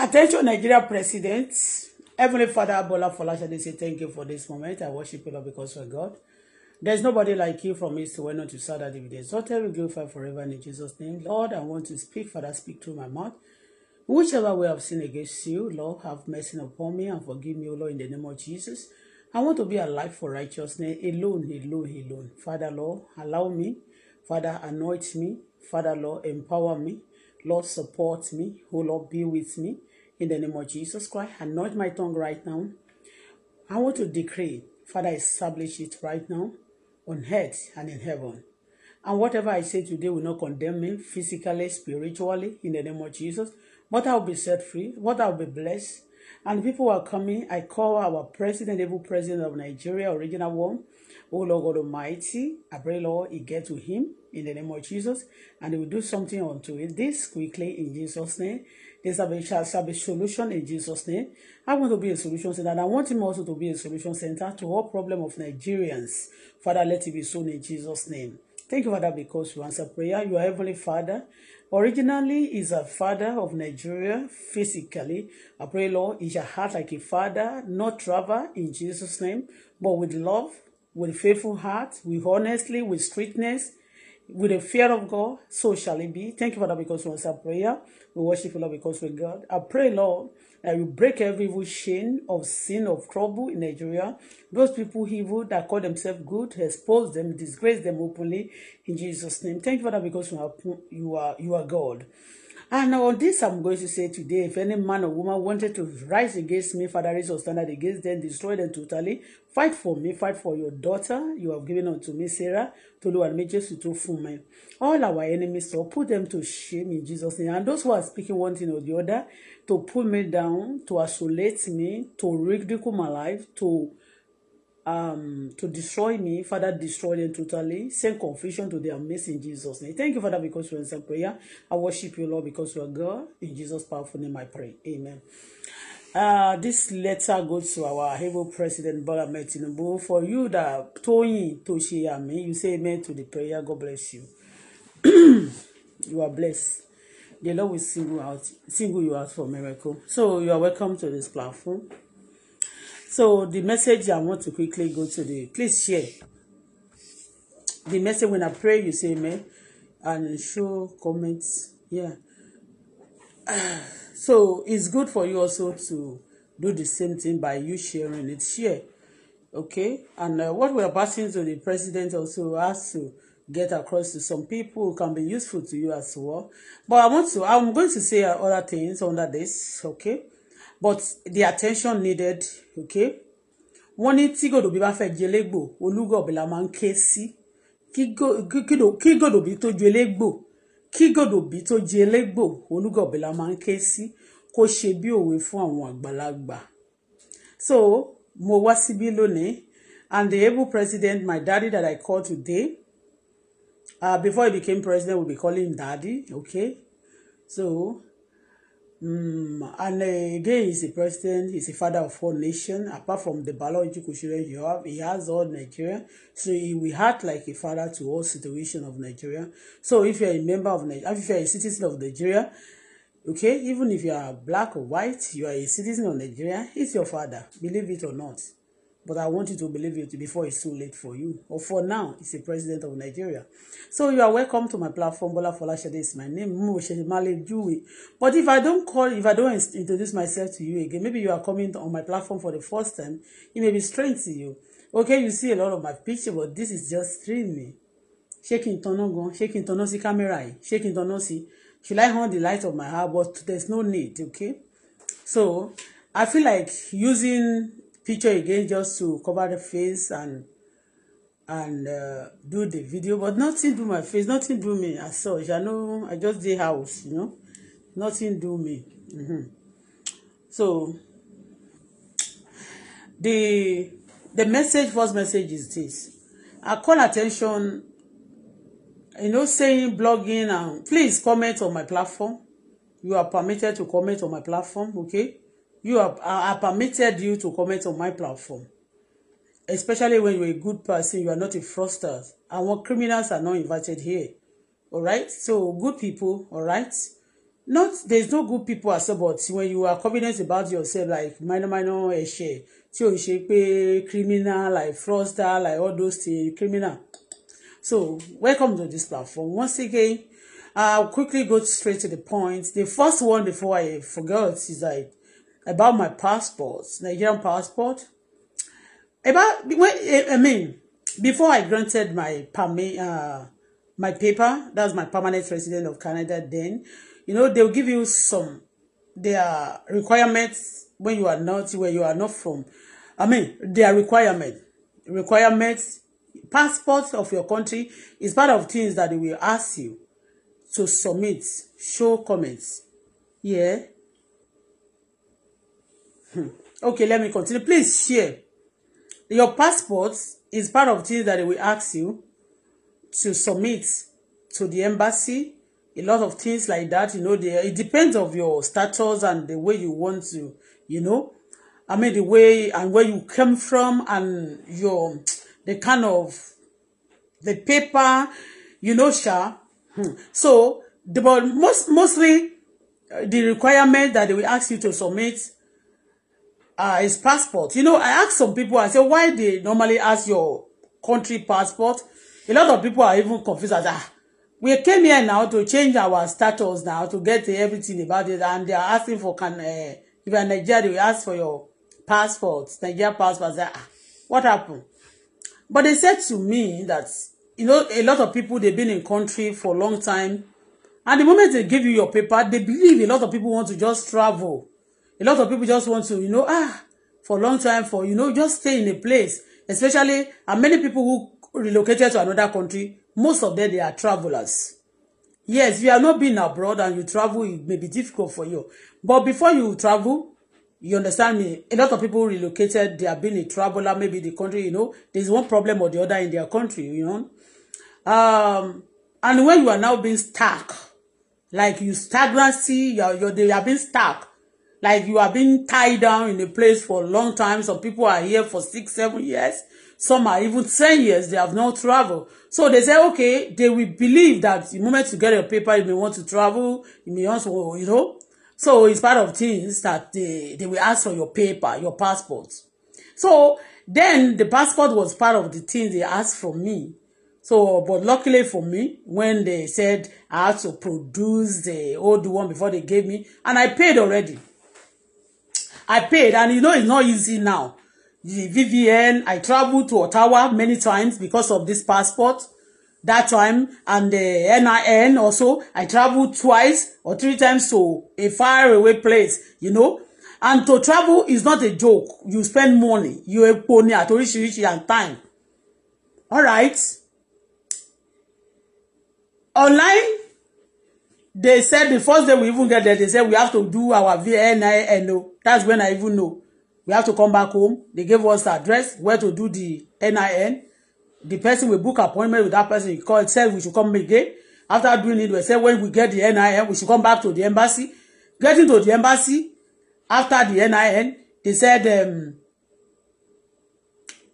Attention Nigeria President, Heavenly Father Bola Folashade say thank you for this moment. I worship you Lord because you are God. There's nobody like you from east to west, not to south, that if there's not every glorify forever in Jesus' name. Lord, I want to speak, Father, speak through my mouth. Whichever way I've sinned against you, Lord, have mercy upon me and forgive me, O Lord, in the name of Jesus. I want to be alive for righteousness, alone, alone, alone. Father, Lord, allow me. Father, anoint me. Father, Lord, empower me. Lord, support me. O Lord, be with me. in the name of Jesus Christ. I my tongue right now. I want to decree, Father, establish it right now on earth and in heaven. And whatever I say today will not condemn me physically, spiritually, in the name of Jesus. But I'll be set free, what I'll be blessed. And people are coming. I call our president, evil president of Nigeria, original one. Oh Lord God Almighty, I pray, Lord, it get to him in the name of Jesus, and he will do something unto it this quickly in Jesus' name. There shall, shall be solution in Jesus' name. I want to be a solution center. And I want him also to be a solution center to all problem of Nigerians. Father, let it be soon in Jesus' name. Thank you, Father, because you answer prayer. You are Heavenly Father. Originally is a father of Nigeria physically. I pray, Lord, is your heart like a father, not travel in Jesus' name, but with love, with faithful heart, with honestly, with strictness, with the fear of God, so shall it be. Thank you, Father, because we answer prayer. We worship you, Lord, because we're God. I pray, Lord, that you break every evil chain of sin, of trouble in Nigeria. Those people evil that call themselves good, expose them, disgrace them openly in Jesus' name. Thank you, Father, because you are, you are, you are God. And ah, on this, I'm going to say today if any man or woman wanted to rise against me, Father, raise your standard against them, destroy them totally. Fight for me, fight for your daughter you have given unto me, Sarah. Tolu and Mejesu to me. All our enemies, so put them to shame in Jesus' name. And those who are speaking one thing or the other, to pull me down, to isolate me, to ridicule my life, to um, to destroy me. Father, destroy them totally. Send confession to their midst in Jesus' name. Thank you, Father, because you answer prayer. I worship you, Lord, because you are God. In Jesus' powerful name, I pray. Amen. Uh, this letter goes to our able president Bola Ahmed For you that told me, Toyin Toshiyami, you say amen to the prayer. God bless you. you are blessed. The Lord will single out, single you out for miracle. So you are welcome to this platform. So the message I want to quickly go to the please share the message when I pray you say amen and show comments yeah so it's good for you also to do the same thing by you sharing it share okay and uh, what we're passing to the president also has to get across to some people who can be useful to you as well but I want to I'm going to say other things under this okay but the attention needed okay wọ́n ní tí gòdòbí bá fẹ́ ju elégbò olúgọ̀bí la máa ń ké sí kí gòdòbí tó ju elégbò kí gòdòbí tó ju elégbò olúgọ̀bí la máa ń ké sí kó ṣe bí òwe fún àwọn àgbàlagbà so mo wá síbí lónìí and the able president my daddy that I call today uh, before he became president we be calling him daddy okay so Mm, and uh, again, he's a president, he's a father of all nations. Apart from the biological children you have, he has all Nigeria. So he will act like a father to all situation of Nigeria. So if you're a member of Nigeria, if you're a citizen of Nigeria, okay, even if you are black or white, you are a citizen of Nigeria, he's your father, believe it or not. But I want you to believe it before it's too late for you. Or for now, it's the president of Nigeria. So you are welcome to my platform. Bola Folashade is my name. But if I don't call, if I don't introduce myself to you again, maybe you are coming on my platform for the first time, it may be strange to you. Okay, you see a lot of my picture, but this is just streaming. shaking, kí n tanná gan, ṣé kí camera shaking, ṣé kí n Should I hold the light of my house? But there's no need, okay? So I feel like using picture again just to cover the face and and uh, do the video but nothing do my face nothing do me as such i know i just dey house you know nothing do me mm-hmm. so the the message first message is this i call attention you know saying blogging and please comment on my platform you are permitted to comment on my platform okay you are, I permitted you to comment on my platform especially when you're a good person you are not a fraudster àwọn criminals are not invited here alright so good people alright not there's no good people as well but when you are confident about yourself like minor minor ẹ̀ṣẹ̀ tí o ṣe pé criminal like fraudster like all those things criminal so welcome to this platform once again I'll quickly go straight to the point the first one before I forget is like about my passport, Nigerian passport. About when I mean, before I granted my permit, uh, my paper, that's my permanent resident of Canada. Then, you know, they'll give you some their requirements when you are not where you are not from. I mean, their requirement requirements passports of your country is part of things that they will ask you to submit show comments yeah Hmm. okay let me continue please share your passport is part of things that they will ask you to submit to the embassy a lot of things like that you know they, it depends of your status and the way you want to you know I mean the way and where you come from and your the kind of the paper you know sha hmm. so the but most mostly uh, the requirement that they will ask you to submit uh, his passport. You know, I asked some people, I say, why they normally ask your country passport? A lot of people are even confused as, ah, we came here now to change our status now to get everything about it, and they are asking for, can, uh, if you're Nigerian, we ask for your passport, Nigerian passport. I ah, what happened? But they said to me that, you know, a lot of people, they've been in country for a long time, and the moment they give you your paper, they believe a lot of people want to just travel a lot of people just want to you know ah for long time for you know just stay in a place especially and many people who relocated to another country most of them they are travelers yes you have not been abroad and you travel it may be difficult for you but before you travel you understand me a lot of people relocated they have been a traveler maybe the country you know there's one problem or the other in their country you know um and when you are now being stuck like you stagnancy you are, you're, they are being stuck like you are being tied down in a place for a long time. Some people are here for six, seven years. Some are even 10 years. They have not traveled. So they say, okay, they will believe that the moment you get your paper, you may want to travel. You may also, you know. So it's part of things that they, they will ask for your paper, your passport. So then the passport was part of the thing they asked for me. So, but luckily for me, when they said I had to produce the old one before they gave me, and I paid already. I paid, and you know it's not easy now. The VVN, I traveled to Ottawa many times because of this passport that time, and the uh, NIN also. I traveled twice or three times to a faraway place, you know. And to travel is not a joke. You spend money, you have money at oríṣiríṣi and time. All right. Online They said the first day we even get there, they said we have to do our NINO. That's when I even know. We have to come back home. They gave us the address where to do the NIN. The person we book appointment with that person. He called, said we should come again. After doing it, we said when we get the NIN, we should come back to the embassy. Getting to the embassy, after the NIN, they said, um,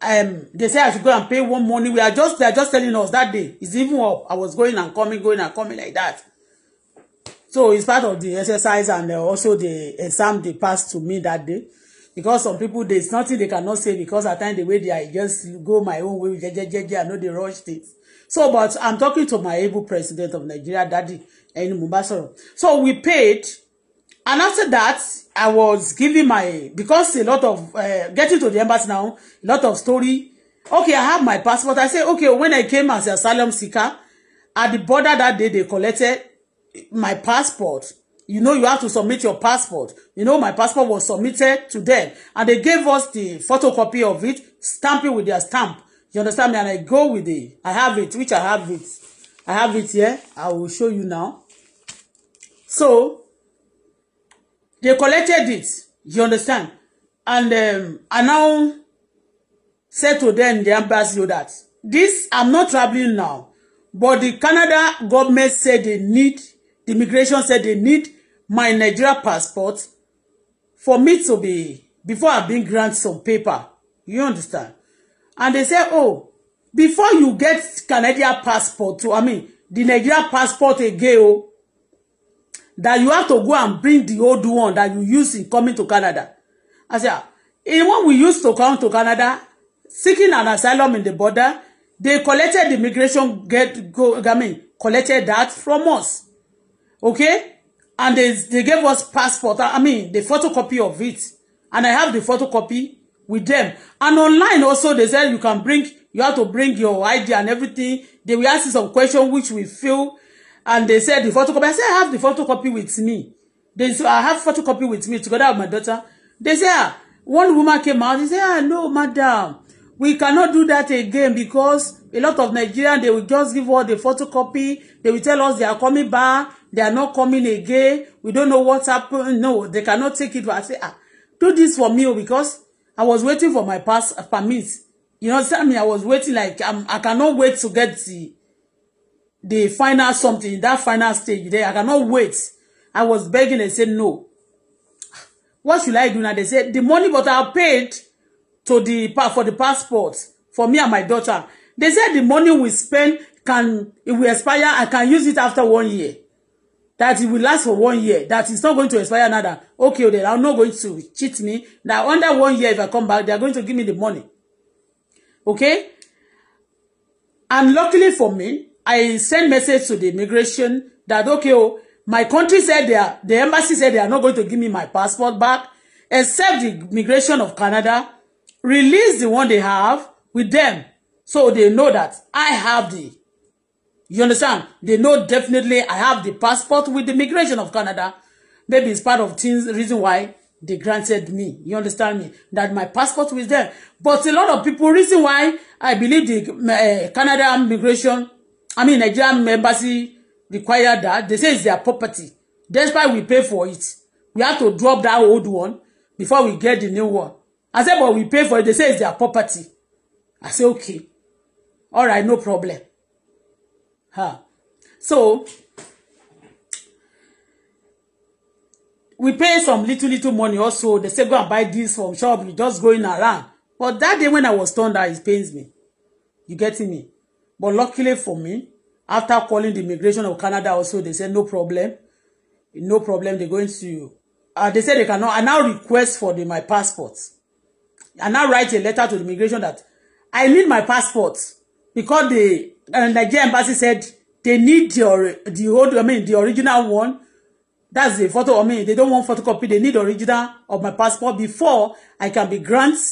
um, they said I should go and pay one money. We are just, they are just telling us that day. It's even up. I was going and coming, going and coming like that. So it's part of the exercise and uh, also the exam they passed to me that day. Because some people, there's nothing they cannot say because at times the way they are, I just go my own way, jejejeje, I know they rush things. So, but I'm talking to my able president of Nigeria, Daddy Ẹni mo So we paid, and after that, I was giving my, because a lot of, uh, getting to the embassy now, a lot of story. Okay, I have my passport. I say, okay, when I came as an asylum seeker, at the border that day, they collected my passport you know you have to submit your passport you know my passport was submitted to them and they gave us the photocopy of it stamp it with their stamp you understand me and I go with it I have it which I have it I have it here I will show you now so they collected it you understand and um, I now said to them the embassy that this I'm not traveling now but the Canada government said they need immigration said they need my Nigeria passport for me to be before I been grant some paper. You understand? And they say, oh, before you get Canadian passport to, I mean, the Nigeria passport again, oh, that you have to go and bring the old one that you use in coming to Canada. I said, in ah, when we used to come to Canada, seeking an asylum in the border, they collected the immigration get go, I mean, collected that from us okay and they they gave us passport i mean the photocopy of it and i have the photocopy with them and online also they said you can bring you have to bring your id and everything they will ask you some question which we fill and they said the photocopy i said i have the photocopy with me they said i have photocopy with me together with my daughter they said ah one woman came out she said ah no madam we cannot do that again because a lot of Nigerians they will just give us the photocopy they will tell us they are coming back they are not coming again we don't know what happened no they cannot take it I say ah do this for me oh, because I was waiting for my pass permit you know tell me I was waiting like I'm, I cannot wait to get the the final something that final stage there I cannot wait I was begging and said no what should I do now they said the money but I paid to the for the passport for me and my daughter They said the money we spend can if we expire I can use it after one year that it will last for one year that it's not going to expire another okay then I'm not going to cheat me now under one year if I come back they are going to give me the money okay and luckily for me I sent message to the immigration that okay oh my country said they are the embassy said they are not going to give me my passport back except the immigration of Canada release the one they have with them So they know that I have the, you understand? They know definitely I have the passport with the immigration of Canada. Maybe it's part of things, reason why they granted me. You understand me? That my passport was there. But a lot of people, reason why I believe the uh, Canada immigration, I mean Nigerian embassy required that. They say it's their property. That's why we pay for it. We have to drop that old one before we get the new one. I said, but we pay for it. They say it's their property. I say, okay all right no problem huh. so we pay some little little money also they say go and buy this from shop you just going around but that day when I was turned down it pains me you getting me but luckily for me after calling the immigration of Canada also they said no problem no problem they're going to uh, they said they cannot I now request for the, my passport I now write a letter to the immigration that I need my passport because the uh, Nigerian embassy said they need the, the old, I mean, the original one. That's the photo of me. They don't want photocopy. They need original of my passport before I can be granted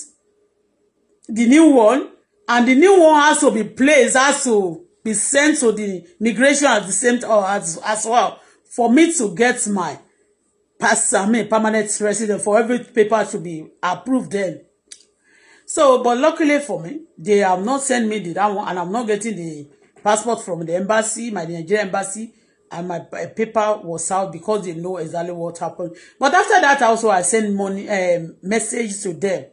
the new one. And the new one has to be placed, has to be sent to the migration at the same or uh, as, as well for me to get my pass, I mean, permanent resident for every paper to be approved then. So, but luckily for me, they have not sent me the that one, and I'm not getting the passport from the embassy, my Nigerian embassy, and my uh, paper was out because they know exactly what happened. But after that, also I sent money um, message to them,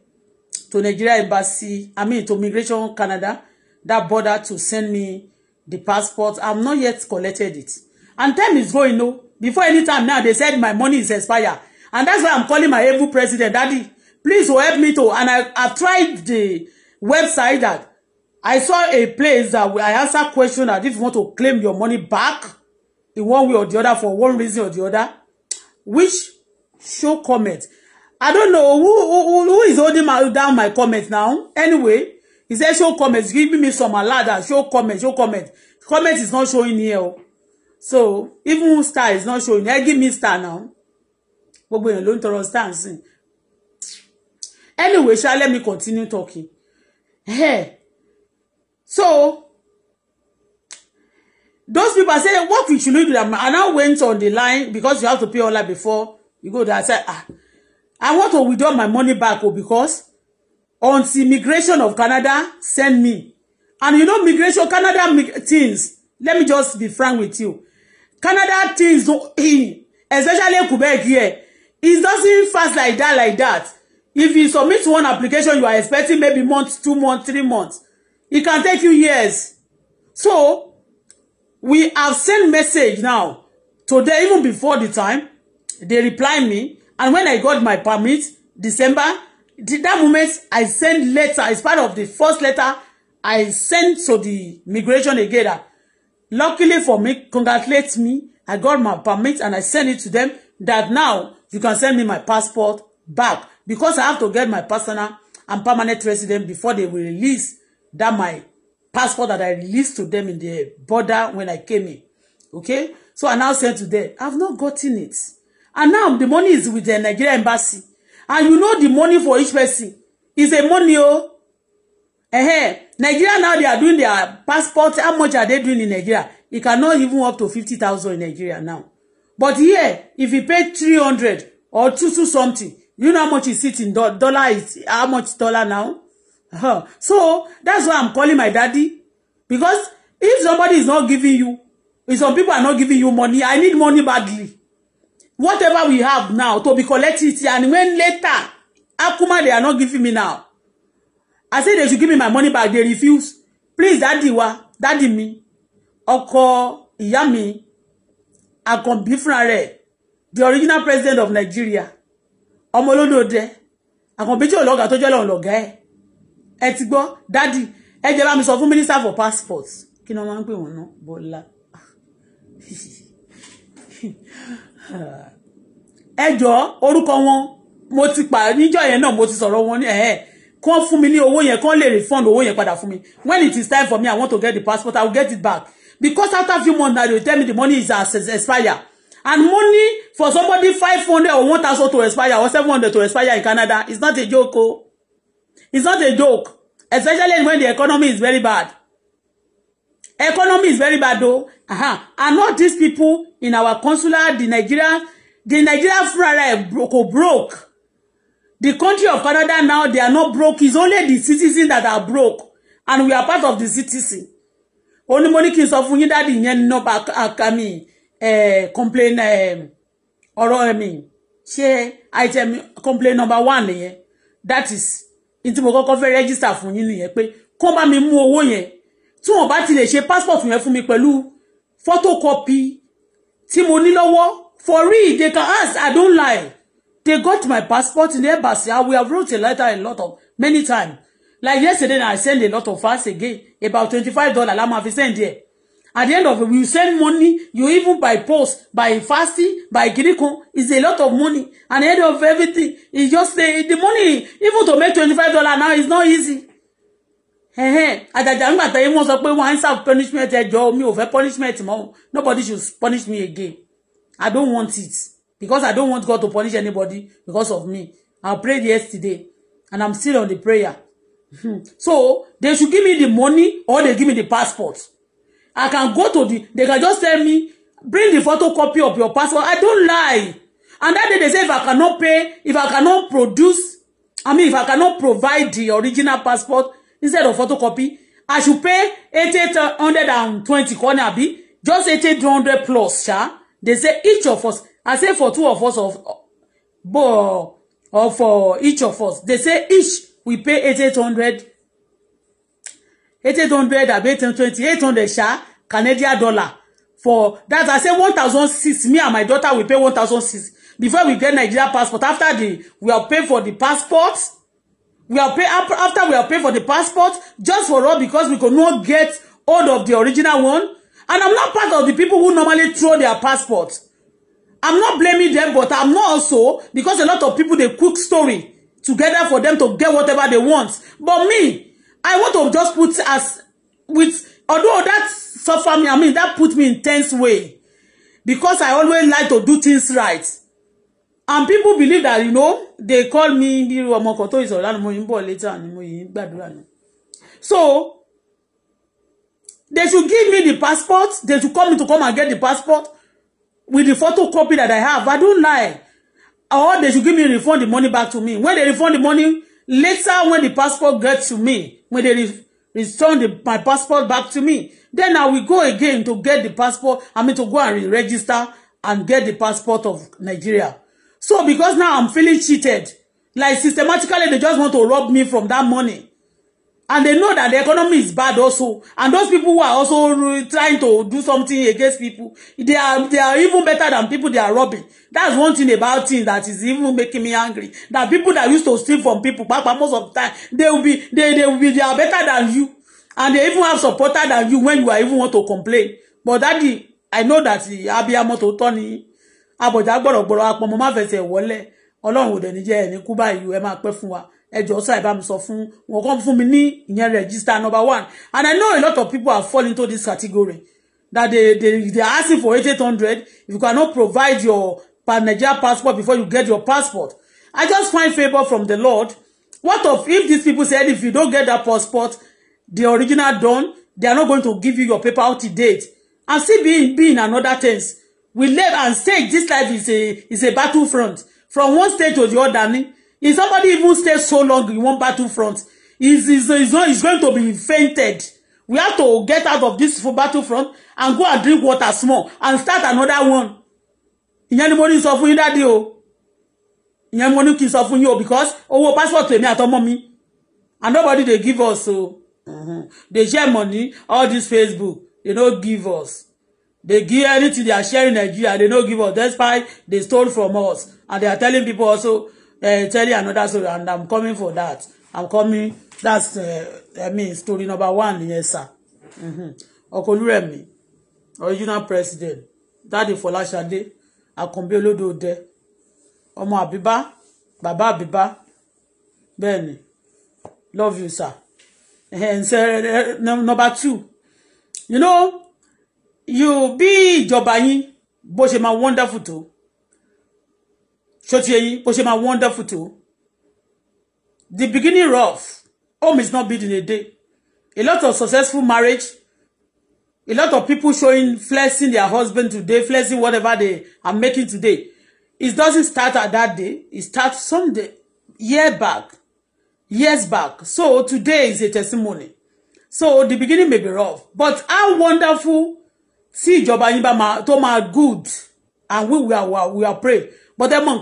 to Nigeria embassy, I mean to Immigration Canada, that border to send me the passport. I'm not yet collected it, and time is going. No, before any time now, they said my money is expired, and that's why I'm calling my able president, Daddy. Please help me to. And I, I tried the website that I saw a place that I answer question that if you want to claim your money back in one way or the other for one reason or the other, which show comment. I don't know who who, who is holding my, down my comment now. Anyway, he said show comment. give me some alada, show comment, show comment. Comment is not showing here. So even star is not showing. Here. Give me star now. Gbogbo èèyàn ló ń tọrọ star ń sìn anyway shall let me continue talking hey so those people say what we should do I now went on the line because you have to pay all that before you go there I said ah I want to withdraw my money back oh, because on the immigration of Canada send me and you know migration Canada things let me just be frank with you Canada things especially Quebec here it doesn't fast like that like that If you submit one application, you are expecting maybe months, two months, three months. It can take you years. So, we have sent message now. Today, even before the time, they replied me. And when I got my permit, December, that moment, I sent letter. It's part of the first letter I sent to the migration again. Luckily for me, congratulate me. I got my permit and I sent it to them that now you can send me my passport back because I have to get my personal and permanent resident before they will release that my passport that I released to them in the border when I came in. Okay? So I now sent to them, I've not gotten it. And now the money is with the Nigeria embassy. And you know the money for each person is a money oh. eh? huh Nigeria now they are doing their passport. How much are they doing in Nigeria? It cannot even up to 50,000 in Nigeria now. But here, if you pay 300 or 2 something, You know how much is it in do dollar? Is how much dollar now? Huh. So that's why I'm calling my daddy because if somebody is not giving you, if some people are not giving you money, I need money badly. Whatever we have now to be collected and when later Akuma they are not giving me now. I say they should give me my money back. They refuse. Please, daddy wa, daddy me, ọkọ Yami, mi, Akànbí fúnra rẹ̀, the original president of Nigeria ọmọ olódòdẹ àkànbí tí ológa tó jẹ́ lọ́run lọ́gá ẹ̀ ẹ ti gbọ́ dádì ẹ jẹ́ bá mi sọ fún minister for passport kí ni wọ́n máa ń pè wọ́n ná bọ́lá ẹ jọ orúkọ wọn mo ti pa níjọ́ yẹn náà mo ti sọ̀rọ̀ wọn ní ẹ̀ẹ́ kán fún mi ní owó yẹn kán lè refund owó yẹn padà fún mi when it is time for me i want to get the passport i will get it back because after few months now they will tell me the money is as uh, expire and money for somebody 500 or 1000 to expire or 700 to expire in Canada is not a joke oh it's not a joke especially when the economy is very bad economy is very bad though uh-huh. and all these people in our consular the Nigeria the Nigeria fúnra broke broke the country of Canada now they are not broke it's only the citizens that are broke and we are part of the citizen Only money mo ní kí n sọ fún yín dáàdì yẹn ní Eh, complain eh, ọ̀rọ̀ ẹ̀mí ṣé item complain number one nìyẹn that is ní tí mo kọ́kọ́ fẹ́ register fún yín nìyẹn pé kó bá mi mú owó yẹn tí wọ́n bá ti lè ṣe passport yẹn fún mi pẹ̀lú photocopy tí mo ní lọ́wọ́ for real they can ask I don't lie they got my passport in the embassy and we have wrote a letter a lot of many times like yesterday na I send a lot of fax again about twenty five dollars la ma fi send there At the end of it, we send money, you even buy post, buy fasting, buy kirikun, it's a lot of money. And the end of everything, it's just the the money, even to make $25 now is not easy. Hey Àjàjà ńgbà tẹ́ wọ́n sọ pé wọ́n serve punishment ẹjọ́ mi me over punishment mọ́. Nobody should punish me again. I don't want it because I don't want God to punish anybody because of me. I prayed yesterday and I'm still on the prayer. Hmm. so they should give me the money or they give me the passport. I can go to the, they can just tell me, bring the photocopy of your passport. I don't lie. And that day they say if I cannot pay, if I cannot produce, I mean if I cannot provide the original passport instead of photocopy, I should pay eight hundred 820 corner abi, just eight hundred plus, sha. They say each of us, I say for two of us of or for uh, each of us, they say each we pay eight hundred eight eight hundred àbí eight twenty eight hundred ṣá Canadian dollar for that I say one thousand six me and my daughter we pay one thousand six before we get Nigeria passport after the we are pay for the passport we are pay after we are pay for the passport just for us because we could not get hold of the original one and I'm not part of the people who normally throw their passport I'm not blaming them but I'm not also because a lot of people they cook story together for them to get whatever they want but me I want to just put as with although that suffer me, I mean that put me in tense way because I always like to do things right. And people believe that, you know, they call me Biru Omokoto is Olanu later So they should give me the passport. They should call me to come and get the passport with the photocopy that I have. I don't lie. Or they should give me refund the money back to me. When they refund the money, later when the passport gets to me, when they re return the, my passport back to me. Then I will go again to get the passport. I mean, to go and re-register and get the passport of Nigeria. So because now I'm feeling cheated, like systematically they just want to rob me from that money and they know that the economy is bad also and those people who are also trying to do something against people they are they are even better than people they are robbing that's one thing about things that is even making me angry that people that used to steal from people papa most of the time they will be they they will be they are better than you and they even have supporter than you when you are even want to complain but daddy i know that abiyamọ tó tọ́ ni abọ̀já gbọ̀rọ̀gbọ̀rọ̀ apọ̀mọ́ má fẹsẹ̀ wọlé ọlọ́run ò dẹ̀ ní jẹ́ ẹ̀ ní kú báyìí ẹ máa pẹ́ fún wa ẹjọ́ sá ẹ bá mi sọ fún wọn kàn fún mi ní ìyẹn register number one and I know a lot of people are falling into this category that they they they are asking for eight hundred if you cannot provide your Nigeria passport before you get your passport I just find favour from the Lord what of if these people said if you don't get that passport the original done they are not going to give you your paper out to date and still being being another tense. we live and stage this life is a is a battlefront from one stage to the other If somebody even stays so long in one battlefront, is is is not is going to be fainted. We have to get out of this battlefront and go and drink water small and start another one. Ìyẹn ni mo ní sọ fún yín dáadé o. Ìyẹn ni mo ní kí n sọ fún yín o because owó passport èmi and nobody they give us o. Mm-hmm. They share money all this Facebook they no give us. They give anything they are sharing Nigeria they no give us That's why they stole from us and they are telling people also uh, eh, tell you another story and i'm coming for that i'm coming that's uh, i mean story number one nìyẹn sà mm-hmm. ọkọ olúrẹ̀mí original president dáàdì fọláṣadé àkànbí olódòdẹ ọmọ àbíbá bàbá àbíbá bẹ́ẹ̀ ni love you sir and eh, say number two you know you be ìjọba yín bó ṣe máa wonderful too ṣó ti yẹyin bó ṣe máa wonderful tó the beginning rough home is not built in a day a lot of successful marriage a lot of people showing flexing their husband today flexing whatever they are making today it doesn't start at that day it starts some day year back years back so today is a testimony so the beginning may be rough but how wonderful tí ìjọba yín bá máa tó máa good and we will we will pray but ẹ mọ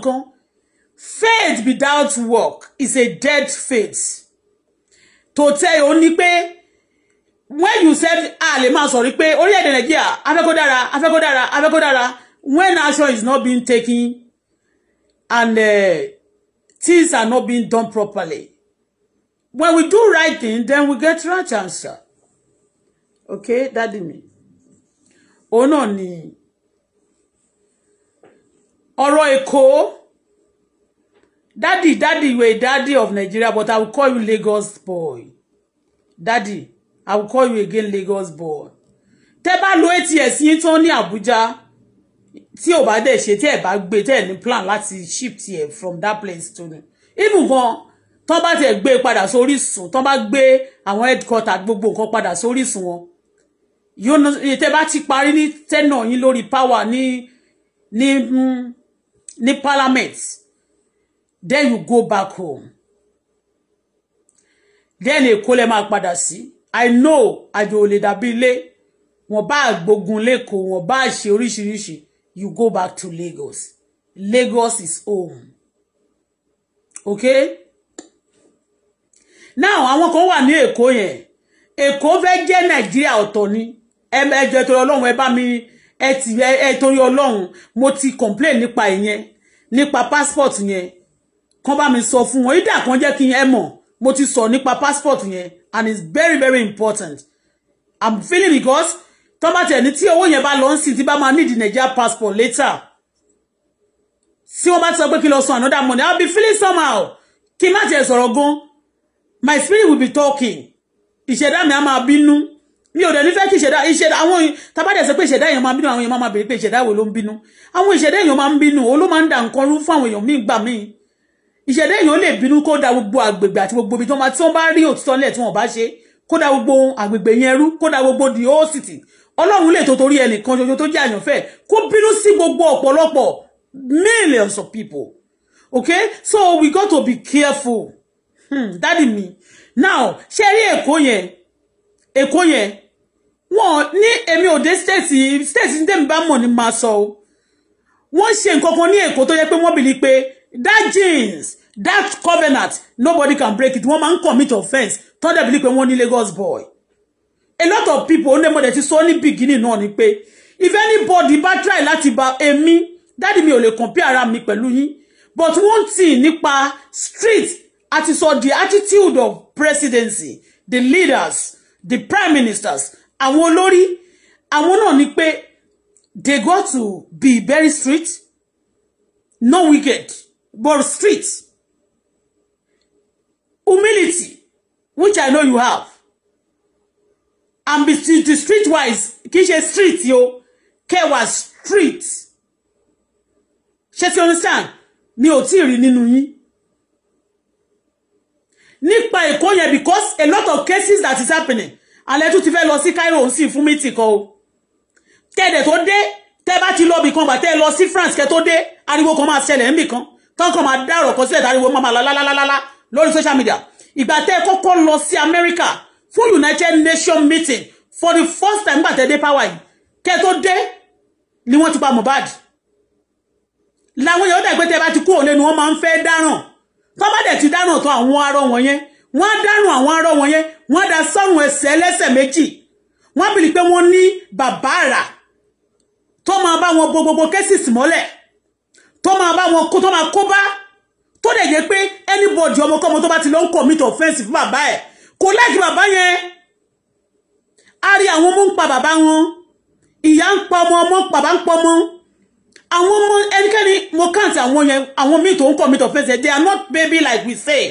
faith without work is a dead faith To tẹ́ ò ní pé when you said ah man a lè máa sọ̀rí pé orílẹ̀-èdè nàìjíríà afẹ́kọ́dára afẹ́kọ́dára afẹ́kọ́dára when action is not being taken and uh, things are not being done properly when we do right thing then we get right answer okay dadi mean. Oh no, ni ọ̀rọ̀ èkó daddy daddy you are a daddy of Nigeria but I will call you Lagos boy daddy I will call you again Lagos boy tẹ́ bá lo eight yín tán ní Abuja tí ò bá dẹ̀ ṣe tí ẹ̀ bá gbé tẹ́ ẹ̀ ní plan láti shift ẹ̀ from that place to even gan tán bá tẹ̀ gbé e padà sórí sùn tán bá gbé àwọn headquarter gbogbo nǹkan padà sórí sùn wọn yóò tẹ́ bá ti parí ní tẹ́nà yín lórí power ní ní hmm, ní parliament then you go back home then èkó lẹ máa padà i know àjò ò lè dàbí ilé wọn bá gbógun lẹ́kọ̀ọ́ wọn bá ṣe you go back to Lagos Lagos is home okay now àwọn kan wà ní èkó yẹn èkó fẹ́ jẹ́ nàìjíríà ọ̀tọ̀ ni ẹjọ́ ìtòlọ́lọ́run ẹ bá mi ẹ ti ẹ torí ọlọ́run mo ti complain nípa ìyẹn nípa passport yẹn kàn bá mi sọ fún wọn ìdá kan jẹ́ kí ẹ mọ̀ mo ti sọ nípa passport yẹn and it's very very important i'm feeling because tọ́ bá tẹ̀ ní tí owó yẹn bá lọ ń sìn tí bá máa need Nigeria passport later tí wọ́n bá ti sọ pé kí lọ san another money i'll be feeling somehow kí n má tiẹ̀ sọ̀rọ̀ gan my spirit will be talking ìṣẹ̀dá mi á máa bínú mi ò dẹ̀ nífẹ̀ẹ́ kí ìṣẹ̀dá ìṣẹ̀dá àwọn tabadẹ̀ sọ pé ìṣẹ̀dá èèyàn máa ń bínú àwọn èèyàn máa bèèrè pé ìṣẹ̀dá wo ló ń bínú àwọn ìṣẹ̀dá èèyàn máa ń bínú ó ló máa ń da nǹkan rú fún àwọn èèyàn míì gbà míì ìṣẹ̀dá èèyàn lè bínú kó da gbogbo àgbègbè àti gbogbo ibi tí wọ́n bá rí òtítọ́ nílẹ̀ tí wọ́n bá ṣe kó da gbogbo àgbègbè yẹn rú kó da gbogbo the whole city ọlọ́run lè tó torí ẹnìkan ṣoṣo tó jẹ́ àyànfẹ́ kó bínú sí gbogbo ọ̀pọ̀lọpọ̀ millions of people okay so we got to be careful hmm, dádì mi now ṣe rí èkó yẹn èkó yẹn wọn ní èmi ò dé state state ní tèmi bá mọ̀ ní máa sọ o wọ́n ṣe nǹkan kan ní èkó tó yẹ pé wọ́n bìlí pé that jeans that covenant nobody can break it wọ́n máa ń commit offence tọ́jà bìlí pé wọ́n ní Lagos boy a lot of people ó ní mo dẹ̀ ti sọ ní beginning náà ni pé if anybody bá try láti ba èmi dáàdi mi ò lè compare ara mi pẹ̀lú yín but one thing nípa street àti sọ the attitude of presidency the leaders the prime ministers àwọn olórí àwọn náà ni pé they go to be very strict no wicked but strict humility which I know you have and be to street wise kì í ṣe street yo kẹwàá street ṣé ti understand mi ò tí ì rí nínú yín nípa Èkó yẹn because a lot of cases that is happening alẹ́ tún ti fẹ́ lọ sí Cairo ń sìn fún mítì kan o kẹ́dẹ̀ tó dé tẹ́ bá ti lọ bì kan gbà tẹ́ lọ sí France kẹ́ tó dé ariwo kan máa ṣẹlẹ̀ ńbì kan tán kan máa dá ọ̀rọ̀ kan sílẹ̀ tariwo máa lálálálálá lórí social media ìgbà tẹ́ kọ́kọ́ lọ sí America fún United Nations meeting for the first time gbà tẹ́ dé power yìí kẹ́ tó dé ni wọ́n ti pa Mohbad làwọn èèyàn dẹ̀ pé tẹ́ bá ti kú òun lẹ́nu wọ́n máa ń fẹ́ dáràn tó bá dẹ̀ ti dáràn tó àwọn arọ wọn yẹn wọ́n á dáràn àwọn arọ wọn yẹn wọ́n á da sọ́run ẹsẹ̀ ẹlẹ́sẹ̀ méjì wọ́n bìrì pé wọ́n ní bàbá àrà tó máa bá wọn bo gbogbo kẹ́sìsì mọ́lẹ̀ tó máa bá wọn kó tó máa kó bá tó dẹ̀ jẹ́ pé anybody ọmọkọ́mọ tó bá ti lọ ń commit offense fún bàbá ẹ̀ kò láìkí bàbá yẹn a rí àwọn ọmọ ń pa bàbá wọn ìyá ń pa ọmọ ọmọ bàbá ń pa ọmọ àwọn ọmọ ẹnikẹ́ni mo count àwọn yẹn àwọn míì tó ń commit offence they are not baby like we say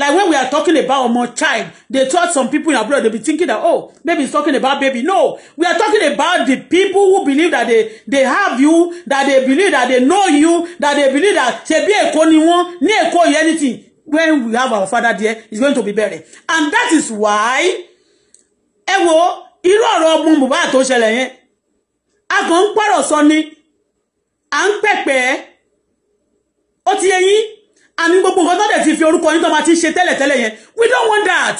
like when we are talking about ọmọ child they thought some people in abroad they be thinking that oh baby is talking about baby no we are talking about the people who believe that they they have you that they believe that they know you that they believe that ṣebí èkó ni wọ́n ní èkó yẹn anything when we have our father there it's going to be buried and that is why ẹ wo irú ọ̀rọ̀ ọmọ Mohbad tó ṣẹlẹ̀ yẹn a kàn ń pọ̀rọ̀ sọ ni à ń pẹ̀pẹ́ ó ti yẹ yín àmì gbogbo nǹkan tó dẹ̀ ti fi orúkọ yín tó máa ti ṣe tẹ́lẹ̀tẹ́lẹ̀ yẹn we don't want that.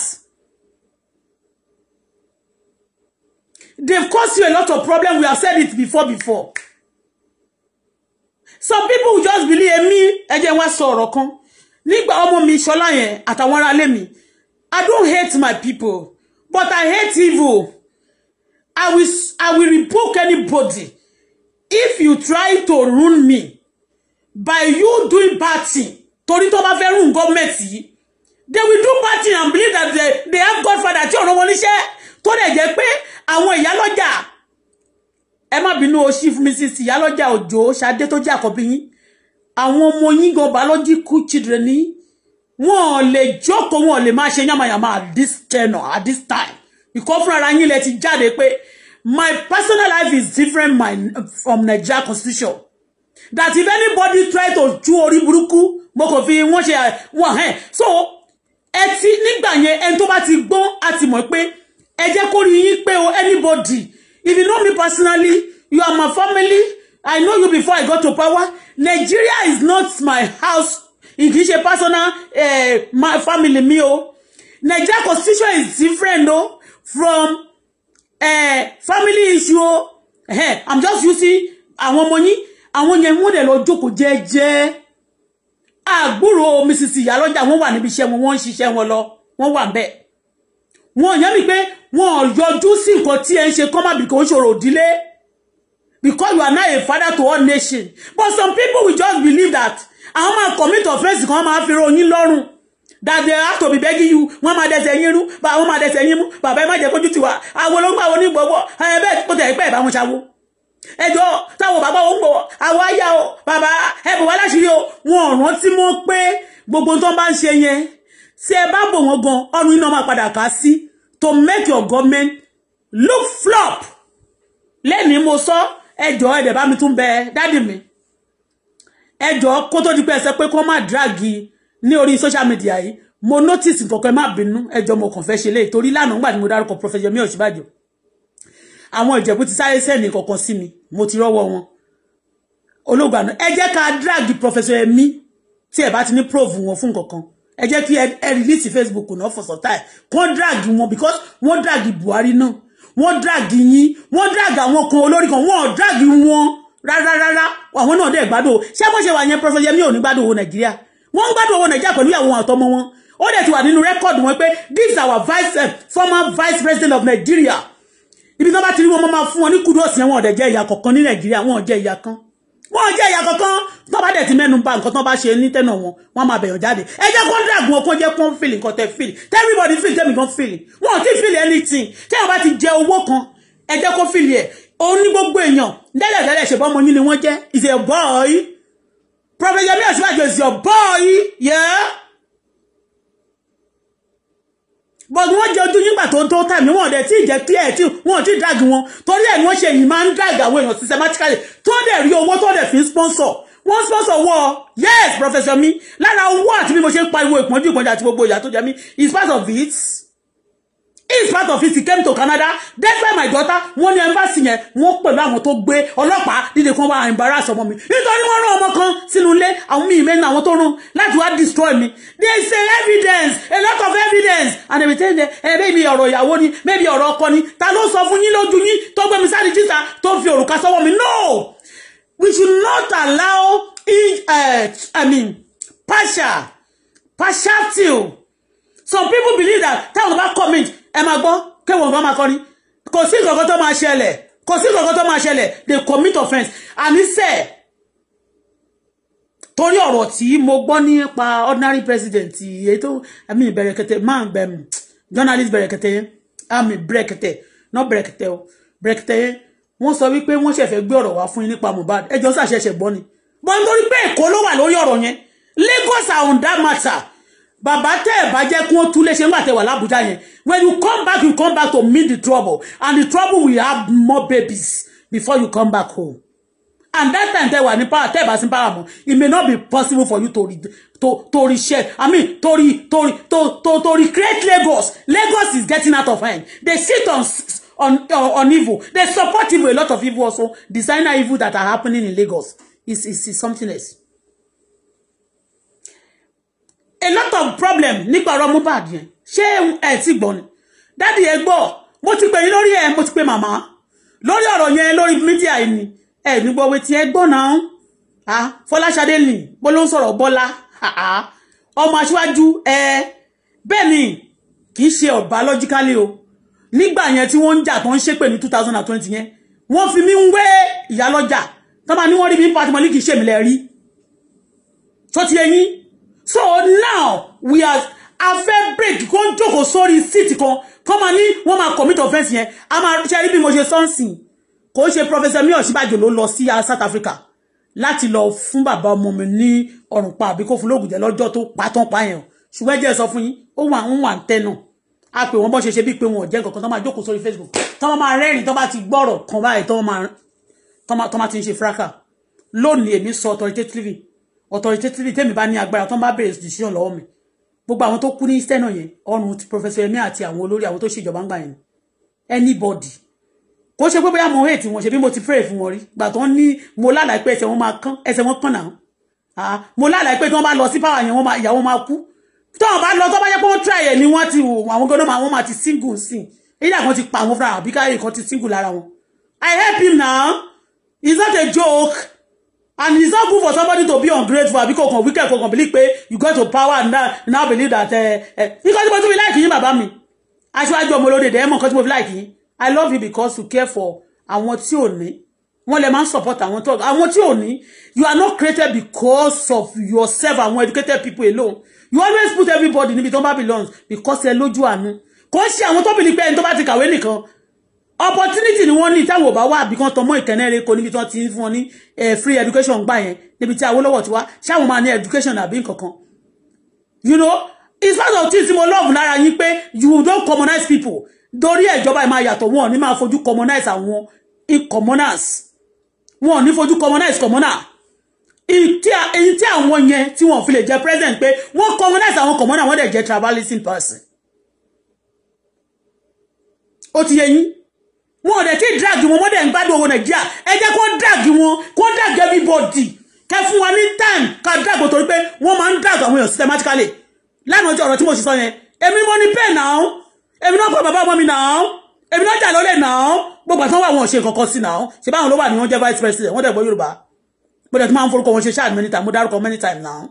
They've caused you a lot of problem. We have said it before before. Some people just believe èmi ẹ jẹ́ wá sọ ọ̀rọ̀ kan. Nígbà ọmọ mi Ṣọlá yẹn àtàwọn ará ilé I don't hate my people, but I hate evil. I will I will rebuke anybody if you try to ruin me by you doing bad thing torí tó bá fẹ́ ruin government yìí they will do bad thing and believe that they, they have godfather tí ọ̀nà wọn níṣẹ́ tó dẹ̀ jẹ́ pé àwọn ìyálọ́jà ẹ má bínú o chief mrs ìyálọ́jà òjò ṣadé tó jẹ́ àkọ́bí yín àwọn ọmọ yín gan biological children ní wọn ò lè jókòó wọn ò lè máa ṣe yàmàyàmà at this tenor at this time ìkọ́ fúnra yín lẹ ti jáde pé My personal life is different my, from Nigeria constitution. That if anybody try to chew orí burúkú, mo kò fi wọ́n ṣe wọ́n hẹ́n. So, ẹ ti nígbà yẹn ẹni tó bá ti gbọ́n á ti mọ̀ pé ẹ jẹ́ kó rí yín o anybody. If you know me personally, you are my family. I know you before I got to power. Nigeria is not my house. Kì í ṣe personal eh, my family mi o. Nigeria constitution is different o from eh, family issue o eh, i'm just using àwọn ọmọ yín àwọn yẹn wọ́n dẹ̀ lọ jókòó jẹ́ẹ́jẹ́ àgbúrò mrs ìyálọ́jà wọ́n wà níbi iṣẹ́ wọn wọ́n ń ṣiṣẹ́ wọn lọ wọ́n wà bẹ́ẹ̀ wọn yẹn mi pé wọn yọjú sí nǹkan tí ẹ ń ṣe kọ́mà bìkọ́ ń ṣòro òdílé because you are now a father to all nations but some people will just believe that àwọn máa commit offence kan máa fi ro yín lọ́rùn that they have to be begging you wọ́n máa dẹsẹ̀ yín rú bá wọ́n máa dẹsẹ̀ yín mú bàbá ẹ má jẹ́ kójú tiwa àwọn ló ń gbà wọn ní gbọ́wọ́ ẹ bẹ́ẹ̀ kó tẹ̀ pẹ́ ìbámu ṣàwọ́ ẹjọ́ táwọn bàbá wọn ń gbọ́wọ́ àwọn ayá o bàbá ẹ bò wá láṣìírí o wọn ò rántí mọ́ pé gbogbo tó bá ń ṣe yẹn tí ẹ bá gan ọrùn iná máa padà ká sí to make your government look flop lẹ́ni mo sọ ẹjọ́ ẹ̀dẹ̀ bá mi tún bẹ dádì mi ẹjọ́ kó tó di pé ẹsẹ̀ pé kó má dráàgì ní orí social media yìí mo notice nǹkan kan ẹ má bínú mo kàn fẹ́ ṣe léyìí torí lánàá nígbà tí mo dárúkọ Professor Yẹmí Ọ̀ṣínbàjò àwọn Ìjẹ̀bú ti sáré sẹ́ẹ̀nì kankan sí mi mo ti rọ́wọ́ wọn olóògbà eje ẹ drag Professor mi tí ẹ bá ti ní prove wọn fún kankan ẹ jẹ́ kí release Facebook náà for some time wọ́n drag wọn because wọ́n drag Buhari náà wọ́n drag yín wọ́n drag àwọn kan olórí kan wọ́n drag wọn rárá rárá àwọn náà dẹ̀ gbádùn ṣé bó ṣe wà yẹn Professor mi ò ní gbádùn owó Nàìjíríà wọ́n ń gbádùn owó nàìjíríà pẹ̀lú ìyàwó wọn àtọmọ wọn ó dẹ̀ ti wà nínú rẹ́kọ̀dù wọn pé this our vice uh, former vice president of Nigeria ibi tó bá ti rí wọn máa fún wọn ní kudos yẹn wọn ò dẹ̀ jẹ́ ìyà kankan ní nàìjíríà wọn ò jẹ́ ìyà kan wọn ò jẹ́ ìyà kankan tó bá dẹ̀ ti mẹ́nu bà nǹkan tó bá ṣe ní tẹ̀nà wọn wọn máa bẹ̀yàn jáde ẹ jẹ́ kó dàgùn wọn kó jẹ́ kó ń fìlì nǹkan tẹ fìlì everybody fìlì tẹ́mi gan fìlì wọn ò tí fìlì anything tẹ́yọ̀ bá ti jẹ owó kan ẹ jẹ́ kó fìlì ẹ̀ òun ní gbogbo èèyàn lẹ́lẹ̀lẹ́lẹ̀ ṣèbọ́mọ yín ni wọ́n jẹ́ is a boy Prophet Yemi Osinbajo is your boy. Yeah. But what jẹ ojú nígbà tó ń tó tàmí wọn ọ̀dẹ̀ tí ìjẹ́ clear tí wọn ti drag wọn torí ẹ̀ ni wọ́n ṣe man drag away systematically tó you rí owó tó dẹ̀ sponsor One sponsor war, yes professor mi lára owó àti bí mo ṣe ń pariwo ìpọ́njú ìpọ́njú àti gbogbo ìyà tó jẹ mí is part of it in part of it he came to Canada That's why my daughter wọ́n ní embassy yẹn wọ́n pẹ̀lú àwọn tó gbé ọlọ́pàá dídè kan wá embarrass ọmọ mi nítorí wọ́n rán ọmọ kan sínú ilé àwọn míì mẹ́rin àwọn to rán láti wá destroy me. they say evidence a lot of evidence and they retain the ẹ bẹ́ẹ̀ mi ọ̀rọ̀ ìyàwó ni bẹ́ẹ̀ mi ọ̀rọ̀ ọkọ ni ta ló sọ fún yín lójú yín tó gbé mi sáré jíta tó fi òrùka sọ́wọ́ mi no we should not allow in, uh, I mean, partial, partial till. Some people believe that táwọn about comment ẹ máa gbọ́ kéwọn kan máa kọrin kò sí kankan tó máa ṣẹlẹ̀ kò sí kankan tó máa ṣẹlẹ̀ they commit offence àníṣe torí ọ̀rọ̀ tí mo gbọ́ nípa ordinary president èyí tó àmì bẹ̀rẹ̀kẹ̀tẹ̀ máa ń bẹ̀rẹ̀ journalist bẹ̀rẹ̀kẹ̀tẹ̀ yẹn àmì bẹ̀rẹ̀kẹ̀tẹ̀ not bẹ̀rẹ̀kẹ̀tẹ̀ o bẹ̀rẹ̀kẹ̀tẹ̀ yẹn wọ́n sọ wípé wọ́n ṣẹ̀fẹ̀ gbé ọ̀rọ̀ wá fún yín nípa Mohbad ẹjọ́ sàṣẹ̀ṣẹ̀ gbọ́ ni bọ́n torí pé Èkó ló wà lórí ọ̀rọ̀ yẹn Lagos are on that matter bàbá tẹ́ ẹ̀ jẹ́ kí wọ́n tún ṣe nígbà tẹ́ lábújá yẹn when you come back you come back to meet the trouble and the trouble will have more babies before you come back home and that time tẹ́ wà ní power tẹ́ ẹ̀ bá sí power mọ́ it may not be possible for you to re to to reshape i mean to re to re to to to recreate Lagos Lagos is getting out of hand they sit on on on evil they support evil a lot of evil also designer evil that are happening in Lagos is is is something else a lot of problem nípa ọ̀rọ̀ Mohbad yẹn ṣé ẹ ti gbọ́ ni dádì ẹ gbọ́ mo ti pè yín lórí ẹ mo ti pè màmá lórí ọ̀rọ̀ yẹn lórí mídíà yìí ni ẹ ní gbọ́ wetin ẹ gbọ́ náà á Fọláṣadé nì bó ló ń sọ̀rọ̀ Bọ́lá ọmọ aṣíwájú ẹ bẹ́ẹ̀ ni kì í ṣe ọ̀bá lọ́jíkálẹ̀ o nígbà yẹn tí wọ́n ń jà tó ń ṣépè ní two thousand and twenty yẹn wọ́n fi mí ń wé ìyálọ́jà tọ́ba ni wọ́n rí mi ń patimọ́lì kì í ṣèmìlẹ̀ rí tó ti eyín so now we are a fẹ́ break kó ń jókòó sórí síìtì kan kọ́ máa ní wọ́n máa commit offence yẹn a máa ṣe rí bí mo ṣe sọ́ǹsìn kò ń ṣe professor mi Ọ̀ṣínbàjò ló lọ sí South Africa láti lọ fún bàbá ọmọ mi ní ọrùn pa àbí kó fún lóògùn jẹ lọ́jọ́ tó pa tán pa yẹn o ṣùgbọ́n jẹ́ sọ fún yín ó wà ń wà ń tẹnu a pè wọ́n bọ́ ṣe ṣe bíi pé wọn ò jẹ́ nǹkan tó máa jókòó sórí Facebook tó máa rẹ́rìn tó bá ti gbọ́rọ̀ kan báyìí tó máa ti ń ṣe fraka lónìí èmi sọ authoritatively authoritatively tẹ́mi bá ní agbára tọ́n bá bẹ̀rẹ̀ decision lọ́wọ́ mi gbogbo àwọn tó kú ní steno yẹn ọrùn ti professor Yemi àti àwọn olórí àwọn tó ṣèjọba ń gbà yẹn anybody kò ṣe pé bóyá mo hate wọn ṣe bí mo ti pray fún wọn rí gbà tọ́n ní mo lálàá pé ẹsẹ̀ wọn máa kán ẹsẹ̀ wọn kàn náà ah mo lálàá pé tọ́n bá lọ sí power yẹn wọ́n máa ìyàwó máa kú tọ́n bá lọ tọ́n bá jẹ́ pé wọ́n try ẹ̀ ni wọ́n ti àwọn gan-an wọ́n máa ti single sin ìdá kan ti pa àwọn fúnra àbíká èèkan ti single lára wọn I help him now it's not a joke and it's not good for somebody to be ungrateful àbí kò kàn wíkẹ̀ kò kàn believe pé you got to power and now, now believe that eh, eh, because mo tún fi láìkì yín bàbá mi aṣáájú ọmọ olóde dẹ̀ ẹ́ mọ̀ nǹkan tí mo fi láìkì I love you because you care for àwọn tí ò ní wọ́n lè máa ń support àwọn tó àwọn tí ò ní you are not created because of yourself àwọn educated people alone you always put everybody níbi tó bá belongs because ẹ lójú àánú kò ń ṣe àwọn tó bìlí pé ẹni tó bá ti kàwé nìkan opportunity ni wọ́n ní táwọn ò bá wà bí kan tọmọ ìkẹ́nẹ́rẹ́ kò níbi tí wọ́n ti ń fún wọn ní eh, free education gbà yẹn níbi tí Awólọ́wọ̀ ti wá ṣáwọn máa ní education àbí nkankan you know it's part of things tí mo love lára yín pé you don't commonize people dorí ẹ̀jọba ẹ̀ máa yàtọ̀ wọn ò ní máa fojú commonize In commoners wọn ò ní fojú commonize commoner èyí tí àwọn yẹn tí wọn fi lè jẹ president pé wọn commonize àwọn commoner wọn dẹ̀ jẹ traveling person ó ti yẹ yín wọn ò dẹ̀ tí drag wọn wọ́n dẹ̀ ń gbádùn owó nàìjíríà ẹ jẹ́ kó drag wọn kó drag everybody kẹ fún wa ní time ká drag wọn torí pé wọ́n máa ń drag àwọn èèyàn systematically lánàá ọjọ́ ọ̀rọ̀ tí mo sì sọ yẹn èmi mo ní pay now èmi náà kọ́ bàbá ọmọ mi now èmi náà jà lọ́lẹ̀ now gbogbo àti wọn wà wọn ò ṣe nǹkan kan sí now ṣe báwọn ló wà ní wọn jẹ́ vice president wọ́n dẹ̀ gbọ́ yorùbá gbọ́dọ̀ tí máa ń forúkọ wọn ṣe ṣáà many time mo dárúkọ many time now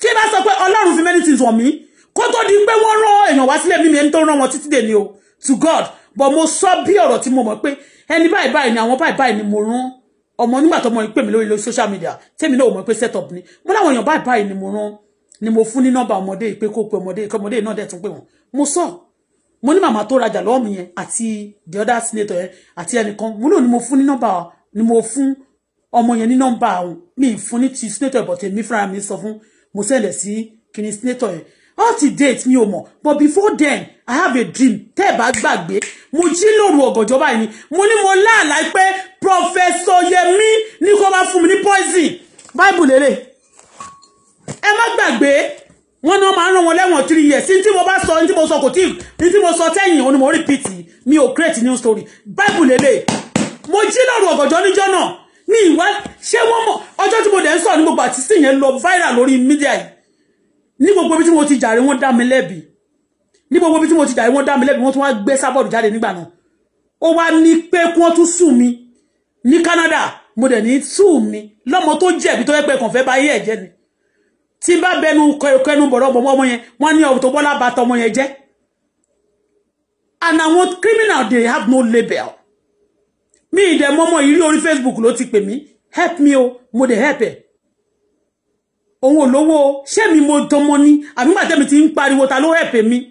tí bá sọ pé ọlọ́run fi many things wọ̀n mí kó tó di pé wọ́n rán èèyàn wá sílẹ̀ mímí ẹni tó rán wọn títí dè ní o to God but mo sọ bí ọ̀rọ̀ tí mo mọ̀ pé ẹni báyìí báyìí ni àwọn báyìí báyìí ni mo rán ọmọ nígbà to mo ìpè mi lórí social media tèmi náà ò mo pé set up ni mo láwọn èèyàn báyìí báyìí ni mo rán ni mo fún ní nọ́mbà ọmọdé ìpè kó pe ọmọdé ìkọ́ ọmọdé náà de tún pè wọ́n mo sọ mo ní màmá tó rajà lọ́wọ́ mi yẹn ati the other senator yẹn àti ẹnìkan mo náà ni mo fun. ní nọ́mbà ni mo fún ọmọ yẹn ní nọ́mbà mi fún ní ti senator ìbọ̀tẹ̀ mi fra mi sọ fún mo sẹ́lẹ̀ sí kìnìún senator up to date mi ò mọ̀ but before then i have a dream tẹ́ ẹ̀ bá gbàgbé mo jí lóru ọ̀gànjọ́ báyìí ni mo ní mo láàlá pé prọfẹsọ yẹmi ni kó bá fún mi ní poison bible lélẹ ẹ má gbàgbé wọn no máa ń rán wọn lẹ́wọ̀n three years ní tí mo bá sọ ní mo sọ kò tí ní tí mo sọ tẹ́yìn òun mo repeat mi o create new story bible lélẹ mo jí lóru ọ̀gànjọ́ Ni náà ní ìwá ṣé wọ́n mọ̀ ọjọ́ tí mo dẹ̀ ń sọ ní gbogbo àtisí yẹn lọ viral lórí media. yìí ní gbogbo ibi tí mo ti jàre wọ́n dá mi lẹ́bi ní gbogbo ibi tí mo ti jàre wọ́n dá mi lẹ́bi wọ́n tún wá gbé sábọ̀dù jáde nígbà náà ó wá ní pé kí wọ́n tún sùn mi ní Canada mo dẹ̀ ní sùn mi lọ́mọ tó jẹ̀bi tó yẹ pé kàn fẹ́ bá yé ẹ̀jẹ̀ ni tí bá bẹnu kẹnu bọ̀rọ̀ bọ̀ ọmọ yẹn wọ́n ní Auto Bola to tọmọ yẹn jẹ́ and want criminal they have no label mi ìdẹ̀mọ́mọ́ ìrí orí Facebook ló ti pè mí help me o mo dẹ̀ help ẹ̀ òun ò lówó ṣé mi mo tọmọ ni àbí màtẹ́mi ti ń pariwo ta ló help mi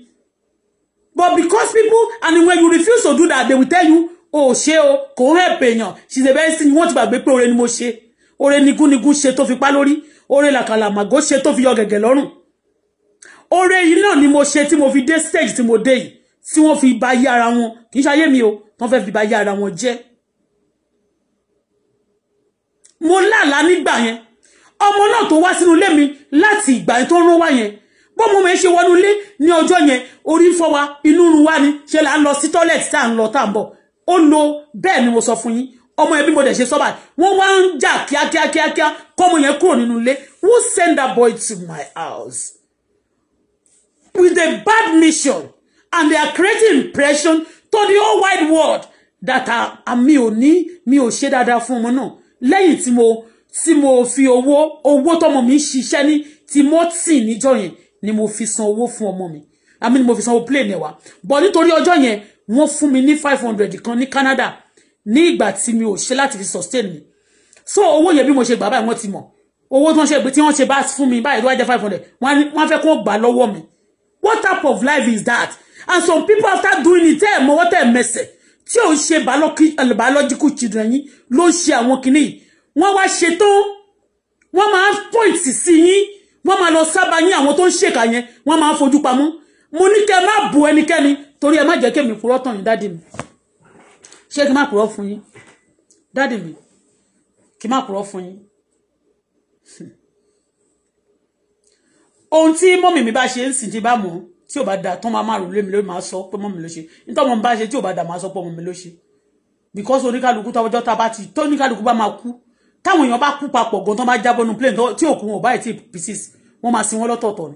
but because people and when you refuse to do that they will tell you o oh, ṣe o kò ń help èèyàn she's a very sin wọ́n ti gbàgbé pé oore ni mo ṣe oore nigúnigún ṣe tó fi pa lórí oore làkàlàmàgò ṣe tó fi yọ gẹ̀gẹ̀ lọ́rùn oore yìí náà ni mo ṣe tí mo fi dé stage tí mo dé yìí tí wọ́n fi ba yé ara wọn kì í ṣayé mi o wọ́n fẹ́ fi ba yé ara wọn jẹ́ mo lálàá nígbà yẹn ọmọ náà tó wá sínú ilé mi láti ìgbà tó ń rán wá yẹn bọ́mọ mi ṣe wọnú ilé ní ọjọ́ yẹn orí ń fọ́ wa inú run wá ni ṣe là ń lọ sí tọ́lẹ̀tì tá à ń lọ tá à ń bọ̀ ó lo bẹ́ẹ̀ ni mo sọ fún yín ọmọ yẹn bí mo dẹ̀ ṣe sọ́ba wọ́n wá ń jà kíákíá kíákíá kọ́mọ yẹn kúrò nínú ilé who send that boy to my house with a bad mission and they are creating impression to the whole wide world that àmì ah, ò ní mi ò ṣe dáadáa fún ọmọ náà lẹ́yìn tí mo tí mo fi owó owó tọmọ mi ń ṣiṣẹ́ ní timothy níjọ́ yẹn ni mo fi san owó fún ọmọ mi àmì ni mo fi san owó plane ẹ̀wà bọ̀ nítorí ọjọ́ yẹn wọ́n fún mi ní five hundred kan ní Canada ní ìgbà tí mi ò ṣe láti fi sustain mi so owó yẹn bí mo ṣe gbà báyìí wọ́n ti mọ̀ owó tí wọ́n ṣe tí wọ́n ṣe bá fún mi báyìí tó wá jẹ́ five hundred wọ́n fẹ́ kó gbà lọ́wọ́ mi what type of life is that and some people after doing it tẹ́ ẹ̀ mọ́wọ́ tẹ́ ẹ̀ mẹsẹ̀ tí ò ń ṣe biological children yín ló ṣe àwọn kìnnìyàn wọ́n wá ṣetán wọ́n máa point sí yín wọ́n máa lọ sábà yín àwọn tó ń ṣèkà yẹn wọ́n máa fojú pamọ́ mo ní kẹ́ má bu ẹnikẹ́ni torí ẹ má jẹ́ kémi purọ́ tàn yín dáàdì mi ṣé kí n má purọ́ fún yín dáàdì mi kí n má purọ́ fún yín. ohun tí mọ́mì mi bá ṣe ń sìn tí bá mọ̀ tí ò bá da tán máa márùn mi lórí máa sọ pé mọ́mì ló ṣe nítorí mọ́mì bá ṣe tí ò bá da máa sọ pé mọ́mì ló ṣe because oníkálukú tọ́jọ́ tá a bá ti tó oníkálukú bá máa kú táwọn èèyàn bá kú papọ̀ gan tán bá jábọ́ nu plane tí òkú wọn ò báyìí tí pieces wọ́n máa sin wọn lọ́tọ̀ọ̀tọ̀ ni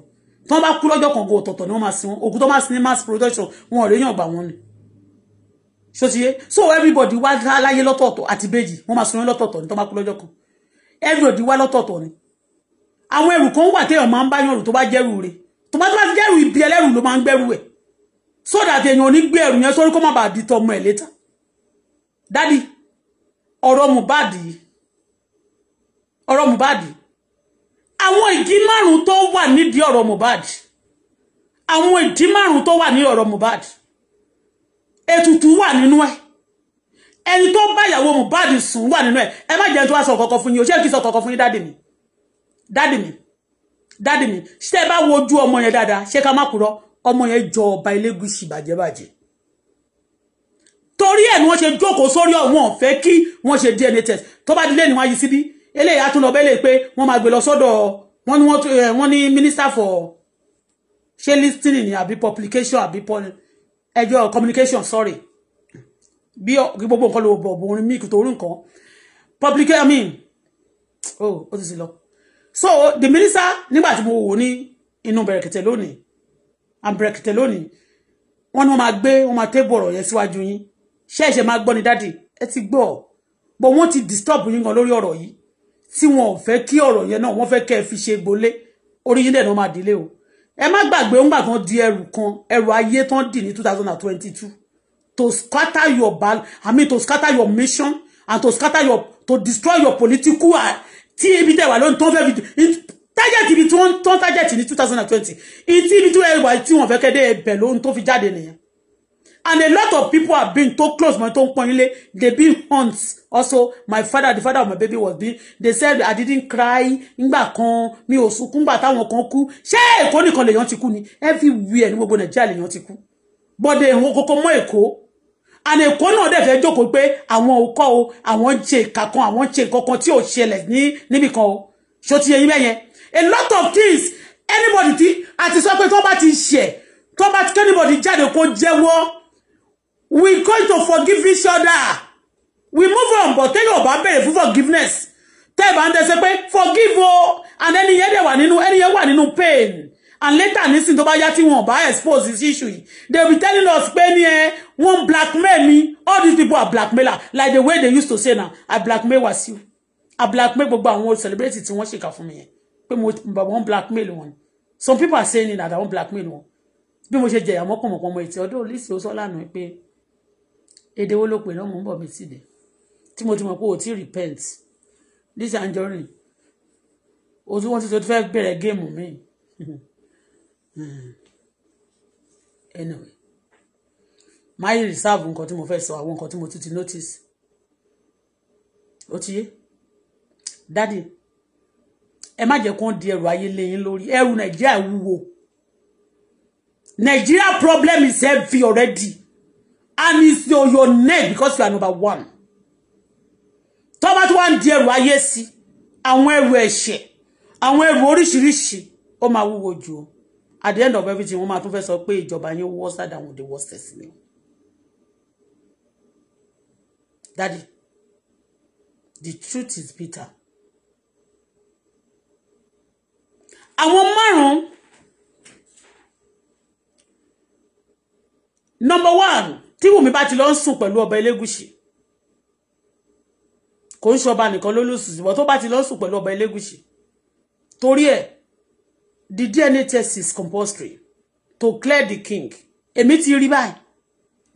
tán bá kú lọ́jọ́ kan gan ọ̀tọ̀ọ̀tọ̀ ni wọ́n máa sin wọn òkú tó máa sin ní mass production wọn ò réyàn gbà wọn ni ṣòtìyé so everybody wá láyé lọ́tọ̀ọ̀tọ̀ àti bèjì wọ́n máa sin wọn lọ́tọ̀ọ̀tọ̀ ni tán bá kú lọ́jọ́ kan everybody wá lọ́tọ̀ọ̀tọ̀ ni àwọn ẹrù kan wà téèyàn máa ń bá yànrù tó bá jẹ́rù rẹ̀ tó bá tó bá ti jẹ́rù ibi ẹlẹ́rù ló máa ń so that èèyàn ò ní gbé ẹrù yẹn sórí kó má bàa di tọmọ ẹ̀ létà dádì ọ̀rọ̀ ọ̀rọ̀ Mohbad àwọn ìdí márùn tó wà nídìí ọ̀rọ̀ Mohbad àwọn ìdí márùn tó wà ní ọ̀rọ̀ Mohbad ètùtù wà nínú ẹ̀ ẹni tó bá ìyàwó Mohbad sùn wà nínú ẹ̀ ẹ má jẹ́ tó wá sọ kọ̀kọ̀ fún yín o ṣé kí sọ kọ̀kọ̀ fún yín dáàdì mi dáàdì mi dáàdì mi ṣé ẹ bá wo ojú ọmọ yẹn dáadáa ṣé ká má kúrò ọmọ yẹn jọ ọba Elégùṣì bàjẹ́bàjẹ́ torí ẹ̀ ni wọ́n ṣe jókòó sórí ọ̀wọ́n ọ̀fẹ́ kí wọ́n ṣe DNA test tó bá dilé ni wọ́n á síbí Ele ya tún lọ bẹ́ẹ̀ lè pé wọ́n máa gbé lọ sọ́dọ̀ wọ́n ní eh, wọ́n ní minister for ṣé listening ni àbí publication àbí ẹjọ́ communication sorry bí gbogbo nǹkan ló bọ̀ bọ̀ orin míì torí nǹkan publication i mean oh what is it lọ so the minister nígbà tí mo wò ní inú bẹ̀rẹ̀kẹ̀tẹ̀ lónìí and bẹ̀rẹ̀kẹ̀tẹ̀ lónìí wọ́n ní wọ́n máa gbé wọ́n máa tébù ọ̀rọ̀ yẹn síwájú yín ṣẹ́ẹ̀ṣẹ̀ máa gbọ́ ni dáàdì ẹ ti gbọ́ bọ̀ wọ́n ti disturb yín gan lórí ọ̀rọ̀ yìí tí wọn ò fẹ́ kí ọ̀rọ̀ yẹn náà wọ́n fẹ́ kẹ́ ẹ fi ṣe gbolé orí yín dẹ̀ náà máa délé o ẹ má gbàgbé ńgbà kan di ẹrù kan ẹrù ayé tán dì ní two thousand and twenty-two to scatter your bal i mean to scatter your mission and to scatter your to destroy your political uh, tí ibi tẹ̀ wà lónìí tó ń fẹ́ fi target ibi tí wọ́n tán target ní two thousand and twenty ìtí ibi tí wọ́n fẹ́ kẹ́ dé ẹbẹ̀ lóhun tó fi jáde nìyẹn And a lot of people have been too close, my too ponile. They been hunts. Also, my father, the father of my baby was being, they said I didn't cry. Ngbà kan, mi osu sunkún, ngbà táwọn kan kú. Ṣé Èkó nìkan lèèyàn ti ni? Everywhere ní gbogbo Nàìjíríà lèèyàn ti But they won koko mọ́ Èkó. And kono náà dẹ̀ fẹ́ jókòó pé àwọn oko o, àwọn jẹ ìkà kan, àwọn jẹ nǹkan kan tí ò ṣẹlẹ̀ ní níbì kan o. Ṣó ti yé yín A lot of things anybody ti àti sọ pé tó bá ti ṣe, tó bá ti anybody jáde kó jẹ́wọ́ we going to forgive each other we move on but tẹ́yìn ọba bẹ̀rẹ̀ fún forgiveness Tell ẹ̀ bá ń tẹ́sẹ̀ pé forgive o and ẹni yẹn dẹ̀ wà nínú other one, wà nínú pain and later nísìnyí tó bá yá tí wọn bá expose this issue yìí they be telling us pé ní ẹ eh, wọn blackmail me all these people are blackmailer like the way they used to say now. i blackmail was you. i blackmail gbogbo àwọn celebrity tí wọ́n ṣèkà fún mi yẹn pé mo wọn blackmail one. some people are saying that that wọn blackmail one. bí mo ṣe jẹyà mọ́kànmọ́kànmọ́ ètí ọdún olùsí ó sọ lánàá pé èdè wo ló pè náà mò ń bọ̀ mí sí dẹ̀ tí mo ti mọ̀ pé o ti repent Lizzy Anjorin o tí wọ́n ti sọ fẹ́ bẹ̀rẹ̀ géèmù mi anyway máyì reserve nǹkan tí mo fẹ́ sọ àwọn nǹkan tí mo tún ti notice ó ti yé dádì ẹ má jẹ́ kó di ẹrù ayé lẹ́yìn lórí ẹrù nàìjíríà wúwo nàìjíríà problem is heavy already and it's your, your name because you are number one tó one, dear, wọ́n ń di ẹrù ayé sí àwọn ẹrù ẹ̀ṣẹ̀ àwọn Oh my, who would you? at the end of everything wọ́n to tún fẹ́ sọ pé ìjọba yín worse than the worst ni. Daddy, the truth is bitter. àwọn márùn-ún number one tí Wùmí bá ti lọ ń sùn pẹ̀lú ọba Elégùṣì kò ń ṣọba nìkan ló ṣùgbọ́n tó bá ti lọ sùn pẹ̀lú ọba Elégùṣì torí ẹ̀ the DNA test is compulsory to clear the king èmi ti rí báyìí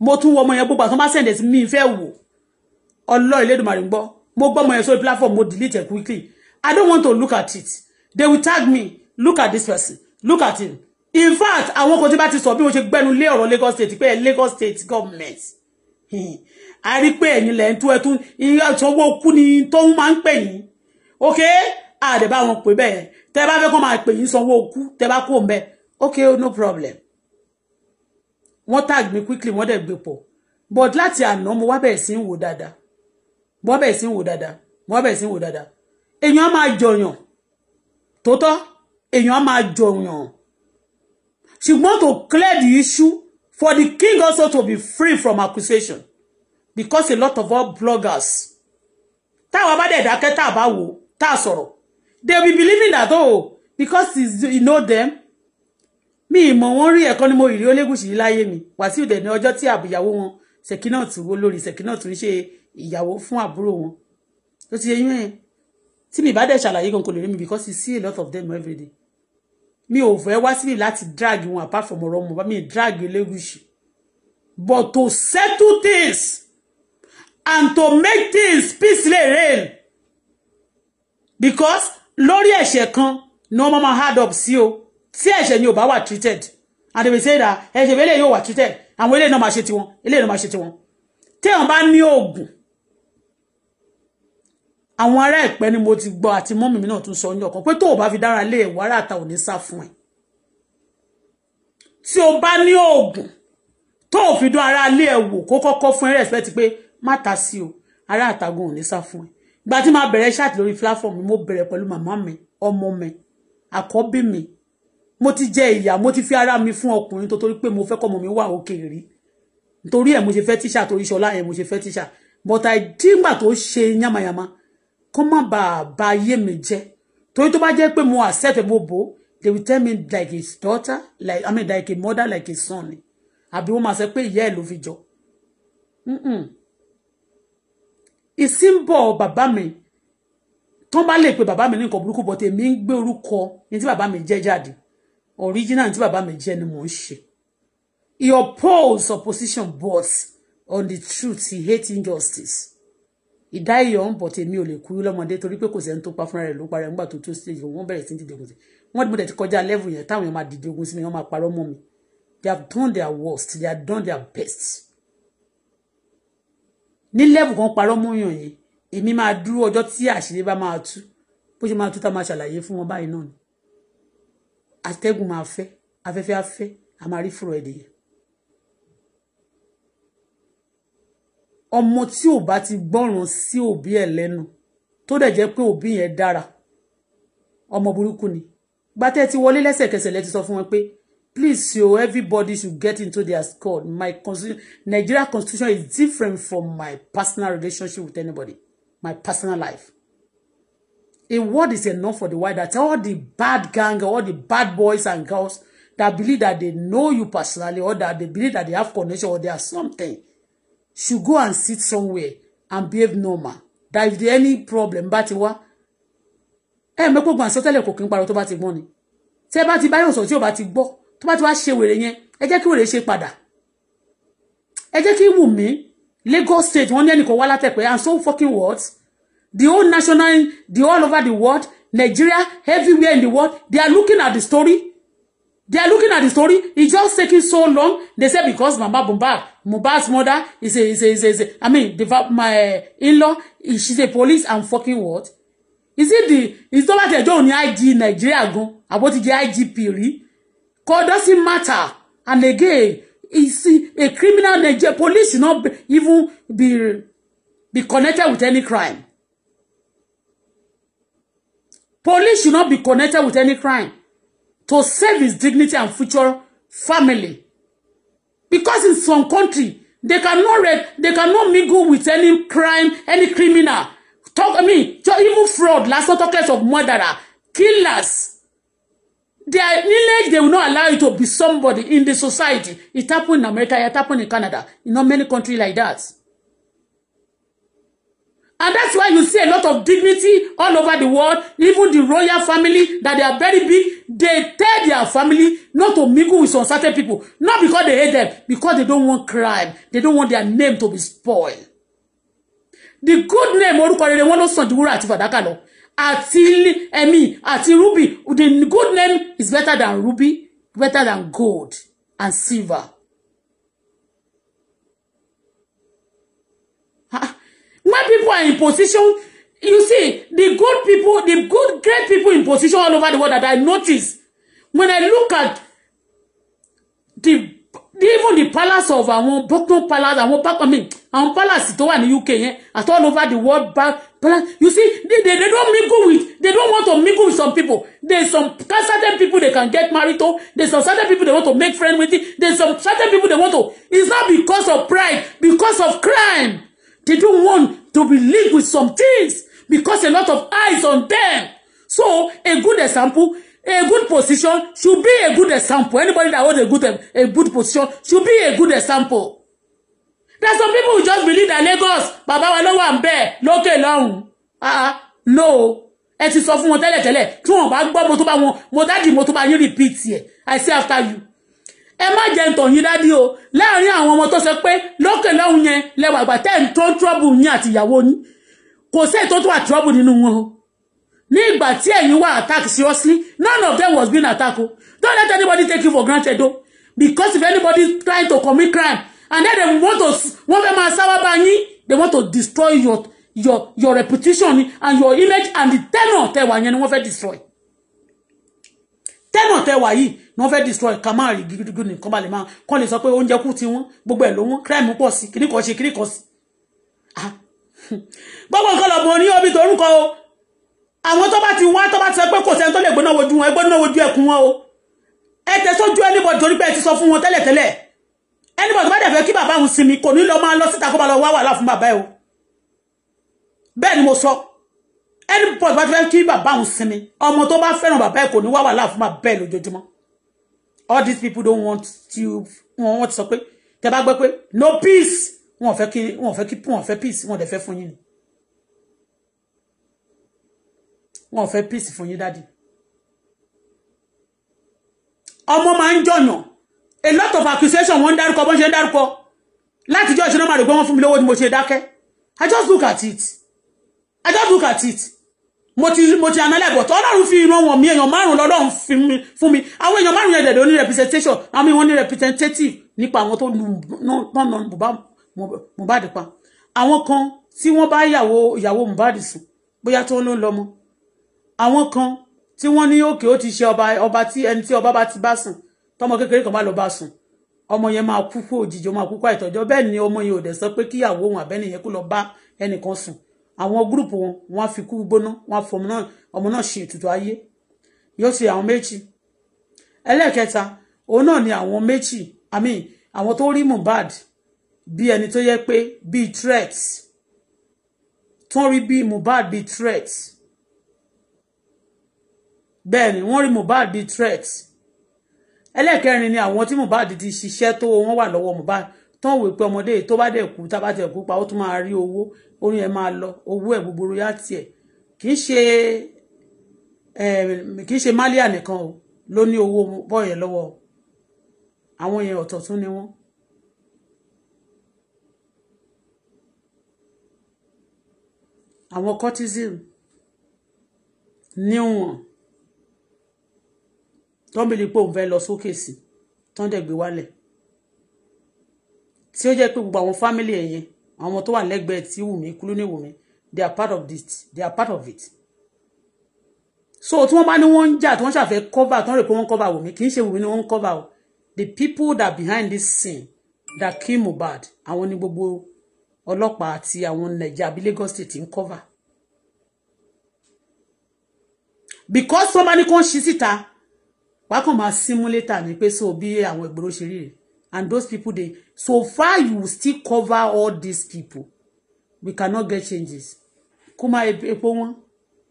mo tún wọ ọmọ yẹn gbogbo àtúnbá sẹ̀ǹdẹ̀ sí mi fẹ́ wò ọlọ́ ìlédùmarè ń gbọ́ mo gbọ́ ọmọ yẹn sórí platform mo delete it quickly I don't want to look at it they will tag me look at this person look at him in fact àwọn kan tí bá ti sọ bí wọ́n ṣe gbẹ́nu lé ọ̀rọ̀ Lagos state pé Lagos state government a rí pé ẹ̀yin lẹ ń tó ẹtún ìyá ìṣọwọ́ kú ni tó ń máa ń pè yín ok àdè bá wọn pè bẹ́ẹ̀ tẹ bá fẹ́ kọ́ máa pè yín sanwó kú tẹ bá kó mbẹ́ ok no problem wọ́n tag me quickly wọ́n dẹ̀ gbé pọ̀ but láti àná mo wá bẹ̀rẹ̀ sí ń wò dáadáa mo wá bẹ̀rẹ̀ sí ń wò dáadáa mo wá bẹ̀rẹ̀ sí ń wò dáadáa èèyàn máa jọyàn tó èèyàn máa jọyàn She want to clear the issue for the king also to be free from accusation. Because a lot of our bloggers, táwa bá dẹ̀ dákẹ́ tá a tá a sọ̀rọ̀, they be believing that oh because you know them mi ìmọ̀ wọn rí ẹ̀kọ́ ni mo ìrí Olégùṣì yìí láyé mi Wàsíù dẹ̀ ní ọjọ́ tí àbúyàwó wọn Sekinat olórí Sekinat ń ṣe ìyàwó fún àbúrò wọn tó ti yẹ yín ẹ̀ tí mi bá dẹ̀ ṣàlàyé gan kò mi because you see a lot of them every day mi ò fẹ́ wá síbi láti drag wọn apart from ọ̀rọ̀ ọmọ bá mi drag Elégùṣì but to settle things and to make things peacefully rain, because lórí ẹ̀ṣẹ̀ kan ni wọ́n máa hard up sí o tí ẹ̀ṣẹ̀ ni ò bá wà treated and they will say that ẹ̀ṣẹ̀ eléyìí yóò wà treated àwọn eléyìí náà máa ṣe tiwọn eléyìí náà máa ṣe tiwọn téèyàn bá ní oògùn àwọn ará ìpẹ́ ni mo ti gbọ́ àti mọ́mì mi náà tún sọ ní ọ̀kan pé tó o bá fi dára lé ẹ̀wọ̀ ara àta ò ní sá fún ẹ tí o bá ní oògùn tó o fi dún ara lé ẹ̀wò kó kọ́kọ́ fún ẹ respect pé má ta sí o ara àtàgùn ò ní sá fún ẹ ìgbà tí máa bẹ̀rẹ̀ ṣáàtì lórí platform mi mo bẹ̀rẹ̀ pẹ̀lú màmá mi ọmọ mi àkọ́bí mi mo ti jẹ ìyà mo ti fi ara mi fún ọkùnrin tó torí pé mo fẹ́ kọ́mọ mi wà òkè rí nítorí ẹ̀ mo ṣe fẹ́ tíṣà torí ṣọlá ẹ̀ mo ṣe fẹ́ tíṣà but àìdígbà tó ṣe yánmayàmá kó má bàa ba ayé mi jẹ́ torí tó bá jẹ́ pé mo accept ẹ̀ they will tell me like his daughter like I mean like a mother like his son ni àbí wọ́n máa sọ pé ìyá ẹ̀ ló fi jọ ìsínbọ̀ bàbá mi tán bá lè pe bàbá mi ní nǹkan burúkú bọ̀ tèmi ń gbé orúkọ ní tí bàbá mi jẹ́ jáde original tí bàbá mi jẹ́ ni mò ń ṣe he oppose opposition but on the truth he hate injustice ìdá ìyọ̀ ń bọ̀ tèmi ò lè kú lọ́mọdé torí pé kò sẹ́ni tó pa fúnra rẹ̀ ló parẹ́ nígbà tó tó stage wọ́n bẹ̀rẹ̀ sí dìde ogun sí dìbò tẹ̀tí kọjá level yẹn táwọn èèyàn máa dìde ogun sí mi wọ́n máa parọ́ mọ́ mi they have done their worst they have done their best ní level kan parọ́ mọ́ yàn yẹn èmi máa dúró ọjọ́ tí àṣírí bá máa tú bó ṣe máa tú tá máa ṣàlàyé fún wọn báyìí náà ni atẹ́gùn máa fẹ́ afẹ́fẹ́ afẹ́ a máa rí fúrọ̀ ẹ̀dẹ̀ yẹn ọmọ tí ò bá ti gbọ́ràn sí òbí ẹ̀ lẹ́nu tó dẹ̀ jẹ́ pé òbí yẹn dára ọmọ burúkú ni gbàtẹ́ ti wọlé lẹ́sẹ̀kẹsẹ̀ lẹ́ sọ fún wọn pé please yo everybody should get into their score my constitution Nigeria constitution is different from my personal relationship with anybody my personal life a word is enough for the wife that all the bad gang all the bad boys and girls that believe that they know you personally or that they believe that they have connection or they are something should go and sit somewhere and behave normal that if there any problem bá ti wá ẹ mọ̀ pé ogun àsọtẹ́lẹ̀ kò kí n parọ́ tó bá ti gbọ́n ni tẹ́ bá ti bá yóò sọ tí ò bá ti gbọ́ tó bá ti wá ṣe wèrè yẹn ẹ jẹ́ kí wèrè ṣe padà ẹ jẹ́ kí wù mí Lagos state wọ́n ní ẹnìkan wá látẹ̀pẹ́ and so fucking what the whole national the all over the world Nigeria everywhere in the world they are looking at the story They are looking at the story. It's just taking so long. They say because Mama Mohbad, Mubarak's mother is a, is a, is a, is a I mean, the, my in-law, she's a police and fucking what? Is it the, it's not like they don't IG Nigeria go. About the IGP rí. God doesn't matter. And again, is a criminal Nigeria police not be, even be, be connected with any crime. Police should not be connected with any crime to save his dignity and future family. Because in some country, they cannot read, they cannot mingle with any crime, any criminal. Talk, I mean, even fraud, last not talk of murderer, killers. They are they will not allow you to be somebody in the society. It happened in America, it happened in Canada, in not many countries like that. And that's why you see a lot of dignity all over the world, even the royal family, that they are very big, they tell their family not to mingle with certain people not because they hate them because they don't want crime they don't want their name to be spoiled the good name orúkọ rere wọn ló sàn ju wúrà àti fàdákà lọ àti ẹmí ati ruby the good name is better than ruby better than gold and silver. when people are in position you see the good people the good great people in position all over the world that I notice when I look at the even the palace of àwọn Buckingham palace àwọn back I mean àwọn palace tó wà ní UK yẹn at all over the world back palace you see they they, they don't mingle with they don't want to mingle with some people there's some certain people they can get married to there's some certain people they want to make friends with it there's some certain people they want to it's not because of pride because of crime they don't want to be linked with some things because a lot of eyes on them so a good example a good position should be a good example anybody that hold a good a good position should be a good example there's some people who just believe that Lagos baba wa ló wa ń bẹ lókè lọ́hùn ah, ah no ẹ ti sọ fún wọn tẹ́lẹ̀tẹ́lẹ̀ tí wọn bá gbọ́ mo tó bá wọn mo dáàdì mo tó bá yín repeat ẹ̀ i say after you ẹ má jẹ ntọ̀ yín dádì o láàrin àwọn ọmọ tó sọ pé lókè lọ́hùn yẹn lẹwà àgbà tẹ́ tó trouble yín àti ìyàwó yín kò sẹ́yìn tó tún wà trouble nínú wọn o ní ìgbà tí ẹ̀yin wà attack seriously none of them was being attacked o don't let anybody take you for granted o because if anybody trying to commit crime and then they want to wọ́n fẹ́ máa sáwá bá yín they want to destroy your your your reputation and your image and the tenor tẹwà yẹn ni wọ́n fẹ́ destroy tenor tẹwà yìí ni wọ́n fẹ́ destroy kàmáàrí gidigidi nìkan balẹ̀ máa kọ́ lè sọ pé oúnjẹ kù ti gbogbo ẹ̀ ló wọ́n crime pọ̀ sí kìnnìkan ṣe kìnnìkan sí ah, gbogbo nǹkan lọ́gbọ̀n ní omi tó ń kọ o àwọn tó bá ti wá tó bá ti sọ pé kò sẹ́ni tó lè gbóná wojú wọn ẹ gbóná wojú ẹkùn wọn o ẹ tẹ sójú ẹnibọ̀ torí pé ẹ ti sọ fún wọn tẹ́lẹ̀tẹ́lẹ̀ ẹnibọ̀ tó bá dẹ̀ fẹ́ kí bàbá òun sinmi kò ní lọ máa lọ síta kó máa lọ wá wàhálà fún bàbá ẹ o bẹ́ẹ̀ ni mo sọ ẹnibọ̀ tó bá fẹ́ kí bàbá òun sinmi ọmọ tó bá fẹ́ràn bàbá ẹ kò ní wá wàhálà fún bàbá ẹ lójoojúmọ́ all these people don't want to wọn wọn ti sọ pé tẹ bá gbọ́ pé no peace wọn fẹ́ kí wọn fẹ́ kí wọn fẹ́ peace wọn dẹ̀ fẹ́ fún yín ni wọn fẹ́ peace fún yín dáàdì ọmọ máa ń jọ̀nà a lot of accusation wọ́n ń dárúkọ bọ́n ṣe ń dárúkọ láti jọ́ ìṣúná màdùgbọ́n wọn fún mi lówó ni mo ṣe dákẹ́ I just look at it I just look at it mo ti mo ti analyze but ọlọ́run fi irun wọn mi èèyàn márùn lọ́lọ́run fún mi àwọn èèyàn márùn yẹn dẹ̀dẹ̀ ó ní representation àwọn mi wọ́n ní representative nípa àwọn tó nù nù nù bùbá mu Mohbad pa àwọn kan tí wọ́n bá yàwó ìyàwó Mohbad sùn bóyá tó ń lò ń lọ́mọ àwọn kan tí wọ́n ní òkè ó ti ṣe ọba ọba tí ẹni tí ọba bá ti bá sùn tọmọ kékeré kan bá lọ bá sùn ọmọ yẹn máa kú kú òjijì ó máa kú kú àìtọ́jọ́ bẹ́ẹ̀ ni ọmọ yẹn ò dẹ̀ sọ pé kíyàwó òun àbẹ́nìyẹn kó lọ bá ẹnìkan sùn àwọn gúrùpù wọn wọn á fi kú gbóná wọn á fọmọ náà ọmọ náà ṣe ètùtù ayé yóò ṣe àwọn méjì ẹlẹ́ẹ̀kẹta òun náà ni àwọn méjì àmì àwọn tó rí Mohbad bí ẹni tó yẹ pé bíi threat tó rí bíi Mohbad bíi threat bẹ́ẹ̀ ni wọ́n rí Mohbad bíi threat ẹlẹ́ẹ̀kẹrin ni àwọn tí Mohbad ti ṣiṣẹ́ tó wọ́n wà lọ́wọ́ Mohbad tán wò pé ọmọdé tó bá dẹ̀ kú tábà tẹ̀ kú pa ó tún máa rí owó orin ẹ̀ máa lọ owó ẹ̀ gbogbo yá tiẹ̀ kì í ṣe kì í ṣe málíà nìkan ló ní owó bọ́ọ̀yẹ̀ lọ́wọ́ àwọn yẹn ọ̀tọ̀ tún ni wọ́n àwọn cortisone níwọ̀n tó ń bèèrè pé òun fẹ́ lọ sókè sí tó ń dẹ̀ gbé wálẹ̀ tí ó jẹ́ pé gbogbo àwọn fámìlì ẹ̀ yẹn àwọn tó wà lẹ́gbẹ̀ẹ́ tí wùmí kúlú ní wùmí they are part of this they are part of it so tí wọ́n bá ní wọ́n ń jà tí wọ́n ṣàfẹ́ cover tí wọ́n rè pé wọ́n ń cover wùmí kì í ṣe wùmí ni wọ́n ń o the people that behind this scene that kill Mohbad àwọn ni gbogbo ọlọ́pàá àti àwọn nàìjíríà àbí Lagos state ń cover because wọ́n bá ní kó ń ṣí síta wàá kàn máa símú létà pé so bí àwọn ìgboro ṣe rí rè and those people dey so far you still cover all these people we cannot get changes Kuma máa epo wọn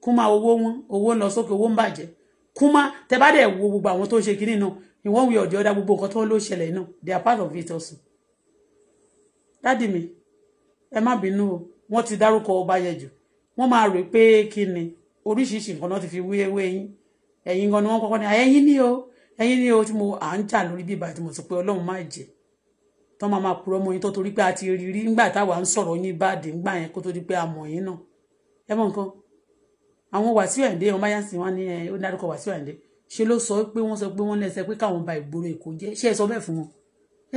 kó máa owó wọn owó ń lọ sókè owó ń bàjẹ́ kó máa wo gbogbo àwọn tó ń ṣe kínní náà in one way or the other gbogbo nǹkan tó ló ṣẹlẹ̀ náà they are part of it also dáàdì mi ẹ má bínú o wọ́n ti dárúkọ Ọbáyẹjù wọ́n máa rò pé kí ni oríṣiríṣi nǹkan náà ti fi wéwé yín ẹ̀yin gan ni wọ́n kọ́kọ́ ní ẹ̀yin ni o ẹ̀yin ni o tí mo à ń jà lórí bíbá tí mo sọ pé Ọlọ́run má jẹ́ tó máa máa purọ́ mọ́ yín tó torí pé a ti rí rí nígbà táwa ń sọ̀rọ̀ yín báàdì ńgbà yẹn kó tó di pé a mọ̀ yín náà ẹ mọ̀ nǹkan àwọn Wàsíù Àyìndé wọn bá yá sí wọn ní ẹ ó dárúkọ Wàsíù Àyìndé ṣe ló sọ pé wọ́n sọ pé wọ́n lẹ́sẹ̀ pé káwọn ba ìgboro Èkó jẹ́ ṣé ẹ sọ bẹ́ẹ̀ fún wọn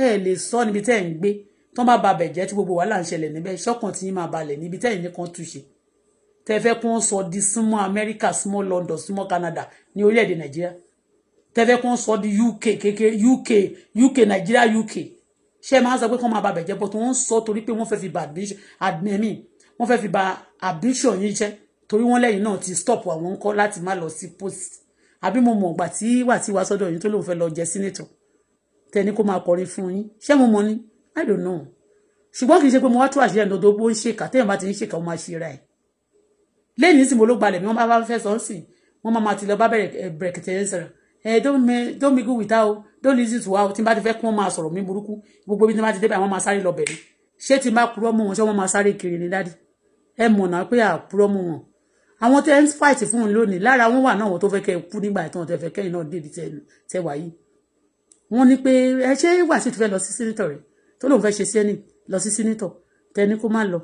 ẹ lè sọ níbi tẹ́ ẹ̀ ń gbé tán bá babẹ̀ jẹ́ tí gbogbo wàhálà ń ṣẹlẹ̀ níbẹ̀ ṣọ́kàn tí yín máa balẹ̀ níbi tẹ́yìn nìkan túṣe tẹ́ fẹ́ kó ń sọ di súnmọ́ Amẹ́ríkà súnmọ́ London súnmọ́ Canada ní orílẹ̀-èdè Nàìjíríà tẹ́ fẹ́ kó ń sọ di UK kékeré UK UK Nàìjíríà UK ṣé máa ń sọ pé kán máa babẹ̀ jẹ́ bọ́ tó ń sọ torí pé wọ́n fẹ́ fi ba àdìmẹ́mí wọ́n fẹ́ fi ba ambition yín jẹ́ torí wọ́n lẹ́yìn náà ti stop àwọn ńkọ́ láti má lọ sí post àbí mo mọ̀ ọ̀gbà tí wàá ti wá sọ́dọ̀ yín tó lóun fẹ́ lọ jẹ́ senator tẹ́ ní kó máa kọrin fún yín ṣé mo mọ̀ ni I don't know ṣùgbọ́n kì í ṣe pé mo wá tú àṣírí ẹni tó bó ń ṣèkà téèyàn bá ti ń ṣèkà ó máa ṣe ra ẹ̀ lẹ́yìn nísìnyí mo ló gbalẹ̀ mi wọ́n bá fẹ́ sọ ọ́ sìn wọ́n máa ti lọ bá bẹ̀rẹ̀ bẹ̀rẹ̀kẹ̀tẹ̀ ẹ̀ sọ̀rọ̀ ẹ̀ don't mingle with without. o don't listen to how. o tí n bá ti fẹ́ kí wọ́n máa sọ̀rọ̀ mi burúkú gbogbo bí tí n bá ti débẹ̀ àwọn máa sáré lọ bẹ̀rẹ̀ ṣé tí n bá purọ́ mú wọn ṣé wọ́n máa sáré kiri ni dádì ẹ mọ̀ náà pé àpurọ́ mú wọn àwọn tẹ́ ń fight fún un lónìí lára wọn wà náà wọn tó fẹ́ kẹ́ kú nígbà tí wọn tẹ́ fẹ́ kẹ́yìn náà débi tẹ́ wáyé wọ́n ní pé ẹ ṣé wàásù ti fẹ́ lọ sí sínítọ̀ rẹ̀ tó lóun fẹ́ ṣe sẹ́nì lọ sí sínítọ̀ tẹni kó má lọ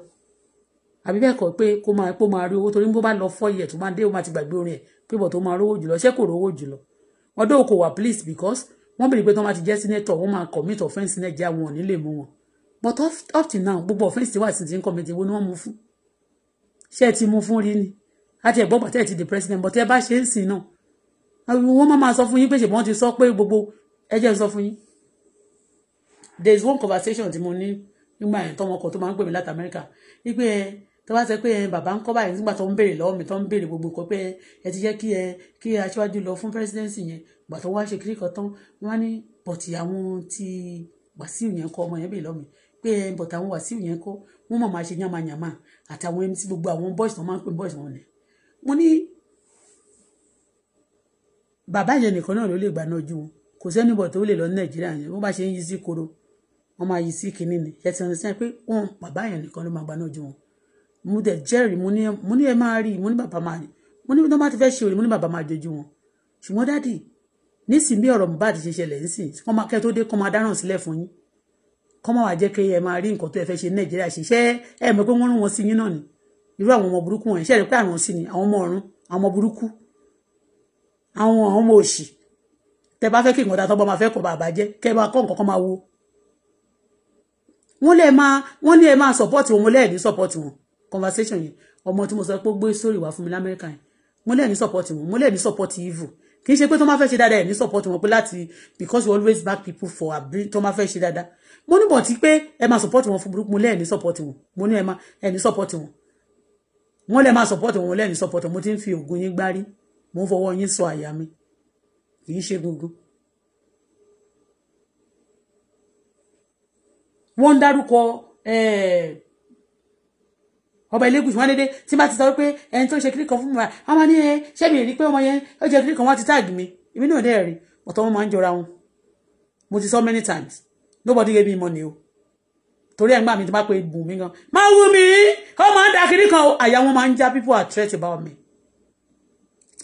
àbí bẹ́ẹ̀ kọ́ pé kó máa pé ó máa rí owó torí bó bá lọ fọ́ iyẹ̀ tó máa dé ó máa ti gbàgbé orin ẹ̀ pé bọ̀ tó máa rówó jùlọ ṣé kò rówó jùlọ wọn dóò kò wà please because wọ́n bèrè pé tó máa ti jẹ́ sínítọ̀ wọ́n máa commit offence nàìjíríà wọn ò ní lè mú wọn but up till now gbogbo offence ti wà sí ti ń commit owó ni wọ́n mú fún ṣé ẹ ti mú fún rí ni àti ẹ̀gbọ́n pàtẹ́ ti di president but ẹ bá ṣe ń sìn náà wọ́n máa sọ fún yín pé ṣèbọn ti sọ pé gbogbo ẹ sọ fún yín there is one conversation tí mo ní nígbà yẹn tọmọ kan tó máa ń pè mí láti Amẹ́ríkà wípé ẹ tó bá sọ pé ẹ bàbá ń kọ́ báyìí nígbà tó ń béèrè lọ́wọ́ mi tó ń béèrè gbogbo nǹkan pé ẹ ti jẹ́ kí ẹ kí aṣáájú lọ fún presidency yẹn gbà tó wá ṣe kiri kan tán wọ́n á ní bọ̀tì àwọn ti Wàsíù yẹn kọ́ ọmọ yẹn béèrè lọ́wọ́ mi pé ẹ bọ̀tì àwọn Wàsíù yẹn kọ́ wọ́n mọ̀ máa ṣe yàmàyàmà àtàwọn MC gbogbo àwọn boys tó máa ń pè boys wọn ni mo ní bàbá yẹn nìkan náà ló lè gbà náà ju wọn kò sẹ́nìbọ̀ tó lè lọ ní Nàìjíríà yẹn bó bá ṣe ń yí sí koro wọ́n máa yí sí kínní ni ẹ ti understand pé wọ́n bàbá yẹn nìkan ló máa gba náà ju wọn mo dẹ̀ jẹ́rìí mo ní mo ní ẹ máa rí mo ní bàbá máa rí mo ní bàbá ti fẹ́ ṣe òní mo ní bàbá máa jojú wọn ṣùgbọ́n dádì nísìnyí bí ọ̀rọ̀ Mohbad ṣe ṣẹlẹ̀ nísìnyí kọ́ máa kẹ́ tó dé kọ́ máa dáràn sílẹ̀ fún yín kọ́ máa wà jẹ́ kí ẹ máa rí nǹkan tó ẹ fẹ́ ṣe Nàìjíríà ṣe ṣẹ́ ẹ mọ̀ pé wọ́n rún wọn sí yín náà wọ́n lè máa wọ́n ní máa support wọn mo lẹ́ẹ̀ní support wọn conversation yẹn ọmọ tí mo sọ pé ó gbé sórí wá fún mi lamẹ́ríkà yẹn mo lẹ́ẹ̀ní support wọn mo lẹ́ẹ̀ní support evil kì í ṣe pé tó máa fẹ́ ṣe dáadáa ní support wọn pé láti because you always back people for àbí tó máa fẹ́ ṣe dáadáa mo ní bọ̀ tí pé ẹ máa support wọn fún burúkú mo lẹ́ẹ̀ní support wọn mo ní ẹ ní support wọn wọ́n lẹ́ẹ̀ máa support wọn lẹ́ẹ̀ní support wọn mo ti ń fi ògùn yín gbárí mo ń fọwọ́ yín sọ àyà mi kì í ṣe gbogbo wọ́n ń dárúkọ eh, ọba elégùsù wọn dédé tí bá ti sọ pé ẹni tó ṣe kíríkan fún mi ọmọ ní ẹ eh, ṣẹ́mi rí pé ọmọ yẹn ó jẹ kíríkan wọn ti táàgì mi èmi náà dẹ́ rí ọ̀tọ̀ wọn máa ń jọra wọn mo ti sọ many times nobody gave me money o torí ẹ̀ ń gbà mí ti bá pé bù mí gan máa wú mi ó máa ń da kíríkan o àyà wọn máa ń já people are threat about me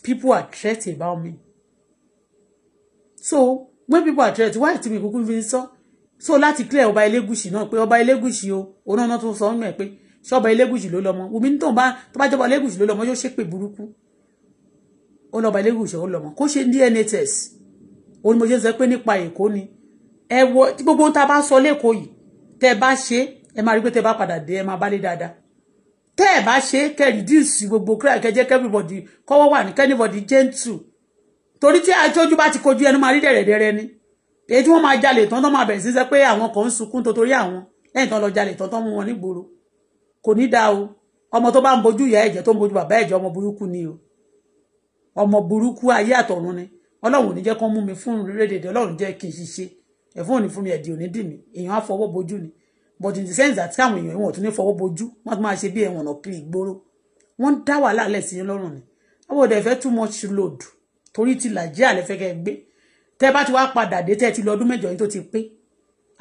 people are threat about me so when people are threat why ti mi kúkú fi ń sọ so láti clear ọba elégùsì náà pé ọba elégùsì o òun náà tó sọ ọ́nà ẹ̀ pé ṣé ọba elégùsì ló lọ́mọ wùmí tó bá tó bá jọba elégùsì ló lọ́mọ yóò ṣépè burúkú ó lọ́ba elégùsì ó lọ́mọ kó ṣe DNA test òun ni mo ṣe sọ pé nípa èkó ni ẹ wọ tí gbogbo ta bá sọ lẹ́kọ̀ọ́ yìí tẹ́ ẹ bá ṣe ẹ máa rí pé tẹ́ ẹ bá padà dé ẹ máa bá lé dáadáa tẹ́ ẹ bá ṣe kẹ́ reduce gbogbo cry kẹ́ jẹ́ kẹ́bíbọ̀dì kọ́wọ́ wà ní kẹ́nìbọ̀dì gentle torí tí àjọjú bá ti kojú ẹnu máa rí dẹ̀rẹ̀dẹ̀rẹ̀ ni èyí tí wọ́n máa jalè tán tán máa bẹ̀rẹ̀ sí sẹ pé àwọn kan ń sunkún tó torí àwọn lẹ́yìn tán lọ jalè tán tán mú wọn nígboro kò ní dáa o ọmọ tó bá ń bojú ìyá ẹ̀jẹ̀ tó ń bojú bàbá ẹ̀jẹ̀ ọmọ burúkú ni o ọmọ burúkú ayé àtọ̀run ni ọlọ́run ò ní jẹ́ kán mú mi fún rédèdè ọlọ́run jẹ́ kí n ṣiṣẹ́ ẹ̀fún òní fún mi ẹ̀dì òní dì mí èèyàn á fọwọ́ bojú ni but in the sense that káwọn èèyàn ìwọ̀n tún ní fọwọ́ bojú wọ́n tún máa ṣe bí ẹ̀wọ̀n náà kiri ìgboro wọ́n ń dá wàhálà lẹ̀ sí lọ́rùn ni àwọn ọ̀dẹ̀ fẹ́ too much load torí ti làjẹ́ àlẹ́ fẹ́ kẹ́ gbé tẹ́ bá ti wá padà dé tẹ́ ti lọ ọdún mẹ́jọ yìí tó ti pé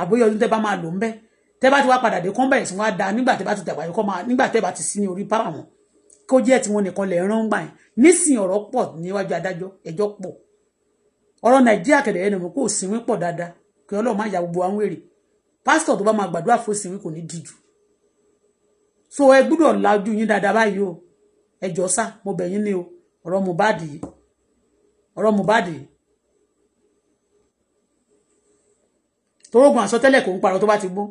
àbóyọ ọdún tẹ́ bá máa lò ń bẹ́ tẹ́ bá ti wá padà dé kán bẹ̀rẹ̀ sí wá da nígbà tẹ́ bá ti dàgbà yìí kọ́ máa nígbà tẹ́ bá ti sí ní orí pápá wọn kó jẹ́ tiwọn nìkan lè rán gbà yẹn nísìnyí ọ̀rọ̀ pọ̀ níwájú adájọ́ ẹjọ́ pọ̀ ọ̀rọ̀ nàìjíríà kẹ̀dẹ̀ ẹni mọ̀ kó o sinmi pọ̀ dáadáa kí ọlọ́run má ya gbogbo àwọn èrè pásítọ̀ tó bá máa gbàdúrà fún sinmi kò ní díjú so ẹ gbúdọ̀ lajú yín dáadáa báyìí o ẹjọ́ sá mo bẹ̀ yín ni o ọ̀rọ̀ Mohbad yìí ọ̀rọ̀ Mohbad yìí torógun àsọtẹ́lẹ̀ kò ń parọ́ tó bá ti gbó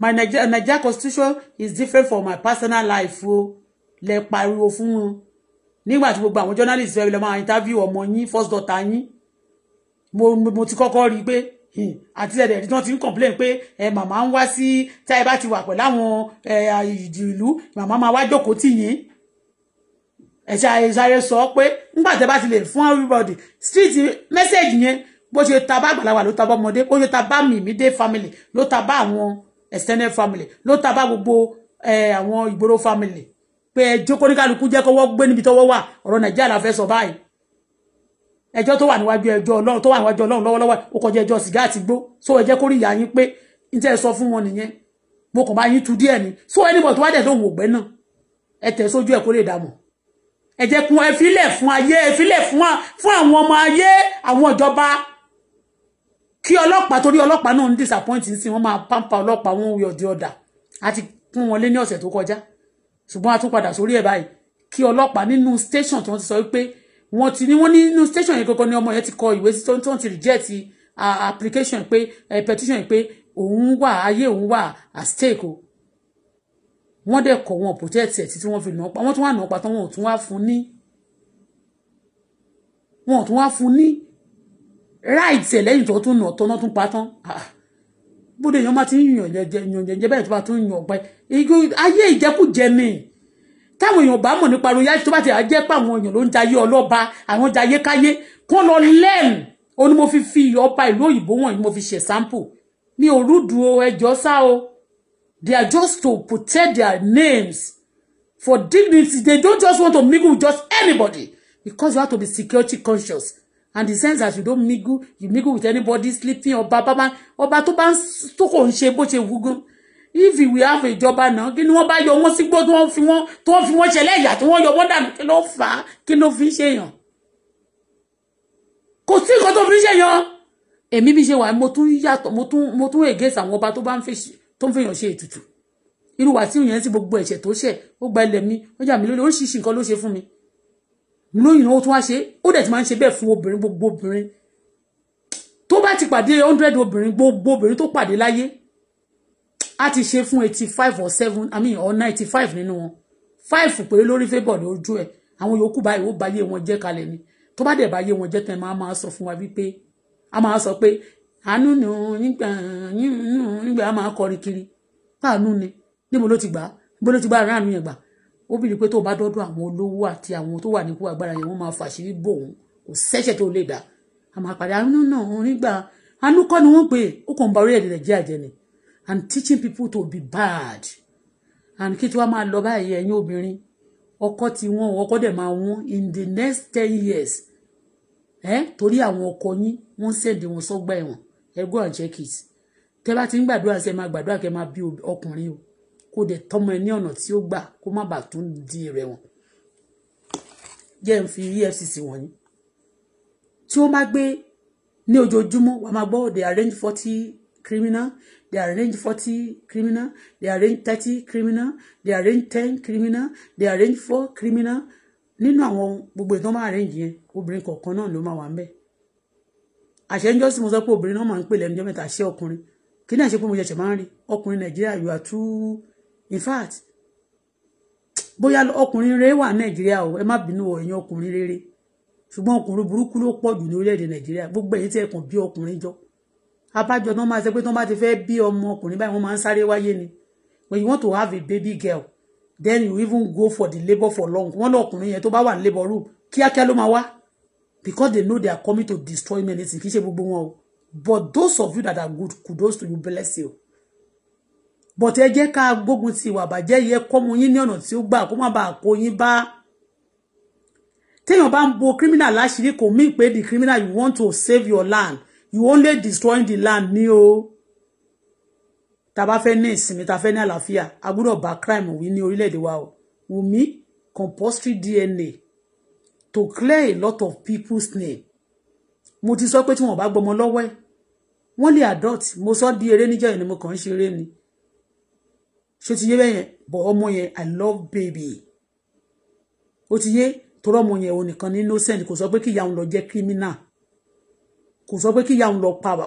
my Nigeria, Nigeria constitution is different from my personal life o lẹ pariwo fún wọn nígbà tí gbogbo àwọn journalist fẹ́ lọ máa interview ọmọ yín first daughter yín mo mo ti kọ́kọ́ rí i pé àti ẹ̀dẹ̀ tí wọ́n ti ń complain pé ẹ màmá ń wá sí tá ẹ bá ti wà pẹ̀lú àwọn ìlú màmá máa wá jókòó tì yín ẹ̀ṣà ìṣàrẹ̀ sọ pé nígbà tẹ́ bá ti lè fún everybody street message yẹn bó ṣe ta bá àgbàlagbà ló ta bá ọmọdé bó ṣe ta bá mi mi dé family ló ta bá àwọn extended family ló ta bá gbogbo àwọn ìgboro family pé ẹjọ́ kóníkàlùkù jẹ́ kọ́wọ́ gbé níbi tọ́wọ́ wà ọ̀rọ̀ nàìjíríà la fẹ́ sọ báyìí ẹjọ́ tó wà níwájú ẹjọ́ ọlọ́run tó wà níwájú ọlọ́run lọ́wọ́lọ́wọ́ ó kọjá ẹjọ́ sìgá àti gbó so ẹ jẹ́ kó rí ìyá yín pé n tẹ́ ẹ sọ fún wọn nìyẹn mo kàn bá yín tu díẹ̀ ni so anybody tó wá dẹ̀ tó wò gbẹ́ náà ẹ tẹ̀ sójú ẹ̀ kó lè dààmú ẹ kún ẹ filẹ̀ fún ayé ẹ filẹ̀ fún àwọn ọmọ ayé àwọn ìjọba kí ọlọ́pàá torí ọlọ́pàá náà ń disappoint sí wọ́n máa pampa ọlọ́pàá wọn wí ọ̀dẹ ọ̀dà àti kún wọn lé ní ọ̀sẹ̀ tó kọjá ṣùgbọ́n a tún padà sórí ẹ̀ báyìí kí ọlọ́pàá nínú station tí wọ́n ti sọ wípé wọ́n ti ní wọ́n nínú station yẹn kankan ni ọmọ yẹn ti kọ ìwé tó ń ti reject application pé eh, petition pé òun wà ayé òun wà at stake o wọ́n dẹ̀ kọ̀ wọn protect ẹ̀ títí wọ́n fi nà pa wọ́n tún wà nà pa tán wọn ò tún wá fún ní wọn ò tún wá fún ní right ẹ̀ lẹ́yìn tó tún nà tán náà tún pa tán ah, bóde èèyàn máa ti ń yàn jẹjẹ yàn jẹjẹ bẹ́ẹ̀ tó bá tún yàn ọ̀pẹ ayé ìjẹkújẹ ni táwọn èèyàn bá mọ̀ nípa royal tó bá ti jẹ́ pé àwọn èèyàn ló ń jayé ọlọ́ba àwọn jayé káyé kó lọ lẹ́ẹ̀n o ni mo fi fi ọba ìlú òyìnbó wọ̀nyí mo fi ṣe sample mi ò rúdu o ẹjọ́ sá o they are just to protect their names for dignity they don't just want to mingle with just anybody because you have to be security conscious and the sense that you don't mingle you mingle with anybody sleeping ọba bàbá ọba tó bá tó kò ń ṣe bó ṣe wúgún if we have ìjọba náà kí ni wọ́n bá yọ wọ́n sígbó tí wọ́n fi wọ́n tí wọ́n fi wọ́n ṣe lẹ́yà tí wọ́n yọ wọ́n dànù kí ló fà á kí ló fi ń ṣèyàn kò sí nǹkan tó fi ń ṣèyàn èmi bí ṣe wà mo tún yàtọ̀ mo tún mo tún ègèsì àwọn ọba tó bá ń fi tó ń fèèyàn ṣe ètùtù irú wàásù yẹn sí gbogbo ẹ̀ṣẹ̀ tó ṣẹ̀ ó gba ilẹ̀ mi ó jà mí lórí oríṣiríṣi nǹkan ló ṣe fún mi you know you know tó wá ṣe ó dẹ̀ ti máa ń ṣe bẹ́ẹ̀ fún obìnrin gbogbo obìnrin tó bá ti pàdé hundred obìnrin gbogbo obìnrin tó pàdé láyé á ti ṣe fún eighty five or seven i mean or ninety five nínú wọn five péré lórí favour lójú ẹ̀ àwọn yòókù báyìí ó báyé wọn jẹ́ kalẹ̀ ni tó bá dẹ̀ báyé wọn jẹ́ tẹ̀ máa máa sọ fún wa wípé a máa sọ pé àánú ni nígbà nígbà a máa kọrin kiri àánú ni níbo ló ti gbà níbo ló ti gbà àánú yẹn gbà ó bìrì pé tó bá dọ́dọ̀ àwọn olówó àti àwọn tó wà nípò agbára yẹn wọ́n máa fàṣírí bò wọ́n kò sẹ́ṣẹ̀ tó lè dá àmọ́ àpàdé àánú náà nígbà àánú kọ́ ni wọ́n pè é ó kàn ń ba orílẹ̀-èdè nàìjíríà jẹ́ ni and teaching people to be bad and kí tí wọ́n máa lọ báyìí ẹ̀yin obìnrin ọkọ tí wọ́n ọkọ dẹ̀ máa wọ́n in the next ten years ẹ torí àwọn ọkọ yín wọ́n sẹ̀dẹ̀ wọn sọ́gbà ẹ̀wọ̀n ẹ go tẹ́ bá ti ń gbàdúrà sí ẹ máa gbàdúrà kẹ́ máa bí ọkùnrin o kó dẹ̀ tọ́mọ ẹ ní ọ̀nà tí ó gbà kó má bàa tún di rẹ̀ wọ̀n jẹ́ n fi EFCC wọ̀nyí tí wọ́n bá gbé ní ojoojúmọ́ wà máa gbọ́ they arrange forty criminal they arrange forty criminal they arrange thirty criminal they arrange ten criminal they arrange four criminal nínú àwọn gbogbo ìtàn máa arrange yẹn obìnrin kọ̀ọ̀kan náà ló máa wà ń bẹ̀ àṣẹjọ́ sì mo sọ pé obìnrin náà máa ń pè lẹ́nu jọ́ àṣẹ ọkùnrin kí ní àṣepọ̀ mo ṣẹ̀ṣẹ̀ máa ń rí ọkùnrin nàìjíríà you are too in fact bóyá ọkùnrin rere wà nàìjíríà o ẹ má bínú o ẹ̀yin ọkùnrin rere ṣùgbọ́n ọkùnrin burúkú ló pọ̀ jù ní orílẹ̀-èdè nàìjíríà gbogbo ẹ̀yin tí ẹ kàn bí ọkùnrin jọ abájọ náà máa ṣe pé tí wọ́n bá ti fẹ́ bí ọmọ ọkùnrin báyìí wọ́n máa ń sáré wáyé ni when you want to have a baby girl then you even go for the labour for long wọ́n lọ ọkùnrin yẹn tó bá wà ní labour room kíákíá ló máa wá because they know they are coming to destroy many things kì í ṣe gbogbo wọn o but those of you that are good kudos to you bless you but ẹ jẹ́ ká gbógun ti ìwà bàjẹ́ yẹ kọ́ mu yín ní ọ̀nà tí ó gbà kó má bàa kó yín bá téèyàn bá ń bo criminal láṣìírí kò mí pé the criminal you want to save your land you only destroy the land ní o tá bá fẹ́ ní ìsinmi tá fẹ́ ní àlàáfíà a gbọ́dọ̀ bá crime wí ní orílẹ̀-èdè wa o Wùmí compulsory DNA to clear a lot of people's name mo ti sọ pé tí wọn bá gbọmọ lọ́wọ́ ẹ̀ wọ́n lè adult mo sọ di eré níjọ́ yìí ni ṣe eré ni ṣó ti yé bẹ́yẹn bọ̀ ọmọ yẹn i love baby ó ti yé torọ́ ọmọ yẹn òun nìkan ní innocent kò sọ pé kí ìyá òun lọ jẹ́ criminal kò sọ pé kí ìyá òun lọ pa wà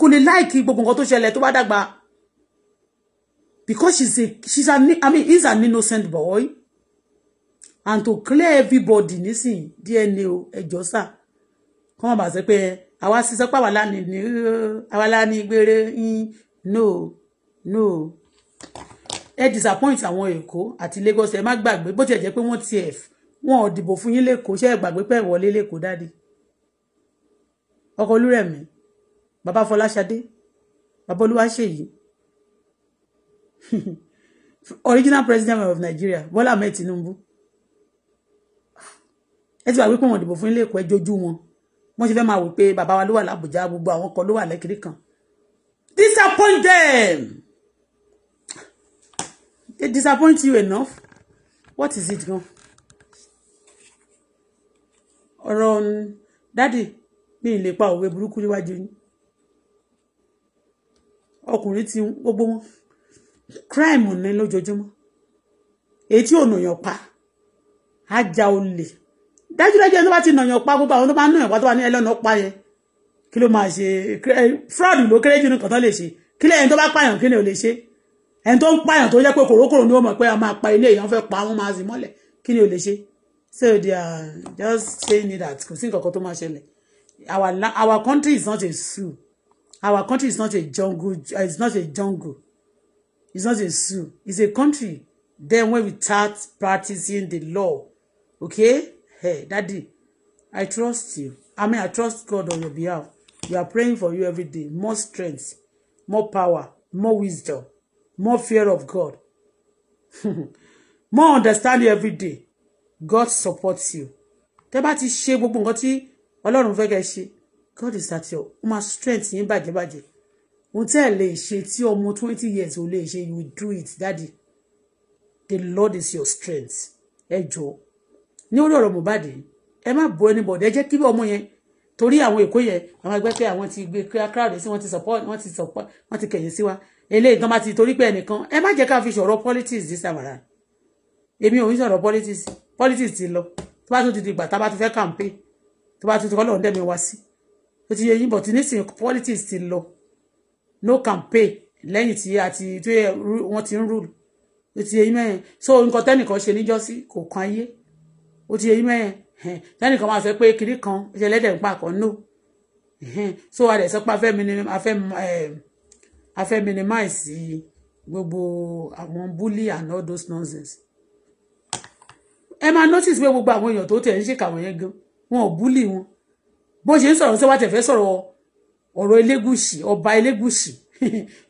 kò lè láìkí gbogbo nǹkan tó ṣẹlẹ̀ tó bá dàgbà because she's a she's a i mean he's an innocent boy and to clear everybody nísìn dna o ẹjọ́ sà kọ́ mọ̀ bá sọ pé àwa sísọ pé àwa lánìí àwa lánìí gbére hmm, no no ẹ disappoint àwọn èkó àti Lagos ẹ má gbàgbé bó tiẹ̀ jẹ́ pé wọ́n ti ẹ̀ wọn ò dìbò fún yín lẹ́kọ̀ọ́ ṣe é gbàgbé pé ẹ̀ wọlé lẹ́kọ̀ọ́ dáadé ọkọ olúrẹ̀mí bàbá fọláṣadé bàbá olúwaṣèyí original president of Nigeria Bọ́lá Ahmed Tinubu ẹ ti gbàgbé pé wọn ò dìbò fún yín lẹ́kọ̀ọ́ ẹ jójú wọn wọ́n ti fẹ́ máa wò pé bàbá wa ló wà lábùjá gbogbo àwọn kan ló wà lẹ́kìrì kan disappoint them. They disappoint you enough. What is it gan? Ọ̀rọ̀ dádì mi ì lè pa òwe burúkú níwájú yín. Ọkùnrin ti gbogbo wọn. Crime ní lójoojúmọ́. Èyí tí ò nàyàn pa. Ajá olè. Dájúdájú ẹni tó bá ti nàyàn pa gbogbo àwọn tó bá ń nàyàn pa tó bá ní ẹlọ́nà pa yẹn. Kí ló máa ṣe? Fraud ló kéré jù nìkan tán lè ṣe. Kí lẹ́yìn tó bá pààyàn kí ni ò lè ṣe? ẹni tó ń pààyàn tó jẹ́ pé kòrókòrò ni ó mọ̀ pé a máa pa ilé èèyàn fẹ́ pa wọ́n máa sì mọ́lẹ̀ kí ni ò lè ṣe so they are just saying that kò sí nǹkan tó máa ṣẹlẹ̀ our our country is not a zoo our country is not a jungle uh, it's not a jungle it's not a zoo it's a country then when we start practicing the law okay hey daddy i trust you i mean i trust god on your behalf we are praying for you every day more strength more power more wisdom more fear of God, more understanding every day. God supports you. Tẹ́ bá ti ṣe gbogbo nǹkan tí Ọlọ́run fẹ́ kẹ́ ṣe, God is at your ó máa strength yín bàjẹ́bàjẹ́. Ohun tẹ́ ẹ̀ lè ṣe tí ọmọ twenty years ò lè ṣe you will do it daddy. The Lord is your strength. Ẹ jọ̀ọ́. Ní orí ọ̀rọ̀ Mohbad ẹ má bo anybody ẹ jẹ́ kí ọmọ yẹn torí àwọn èkó yẹn àwọn ẹgbẹ́ pé àwọn ti gbé crowd sí wọ́n ti support wọ́n ti support wọ́n ti kẹ̀yìn sí wa eléyìí tán bá ti torí pé ẹnìkan ẹ má jẹ́ ká fi sọ̀rọ̀ politics this time around èmi ò ń sọ̀rọ̀ politics politics ti lọ tó bá tún ti di ìgbà tá a bá campaign tó bá tún ti kọ́ lọ́ọ̀ dẹ́mi wá sí ó ti yẹ yín bọ̀ tí nísìnyí politics ti lọ no campaign lẹ́yìn tí àti tó yẹ wọ́n ti rule ó ti yẹ yín mẹ́yẹn so nǹkan tẹ́nìkan ṣe níjọ́sí kò kan ayé ó ti yẹ yín mẹ́yẹn tẹ́nìkan máa sọ pé kiri kan ṣẹlẹ́dẹ̀ ń pa kan no so a dẹ̀ sọ pé a mi ni a fẹ́ a fẹ́ minimize gbogbo àwọn bully and all those nonsense ẹ máa notice pé gbogbo àwọn èèyàn tó tẹ̀ ń ṣèkà wọ̀nyẹn gan wọn ò bully wọn bó ṣe ń sọ̀rọ̀ sọ́wọ́ tẹ̀fẹ́ sọ̀rọ̀ ọ̀rọ̀ Elégùṣì ọba Elégùṣì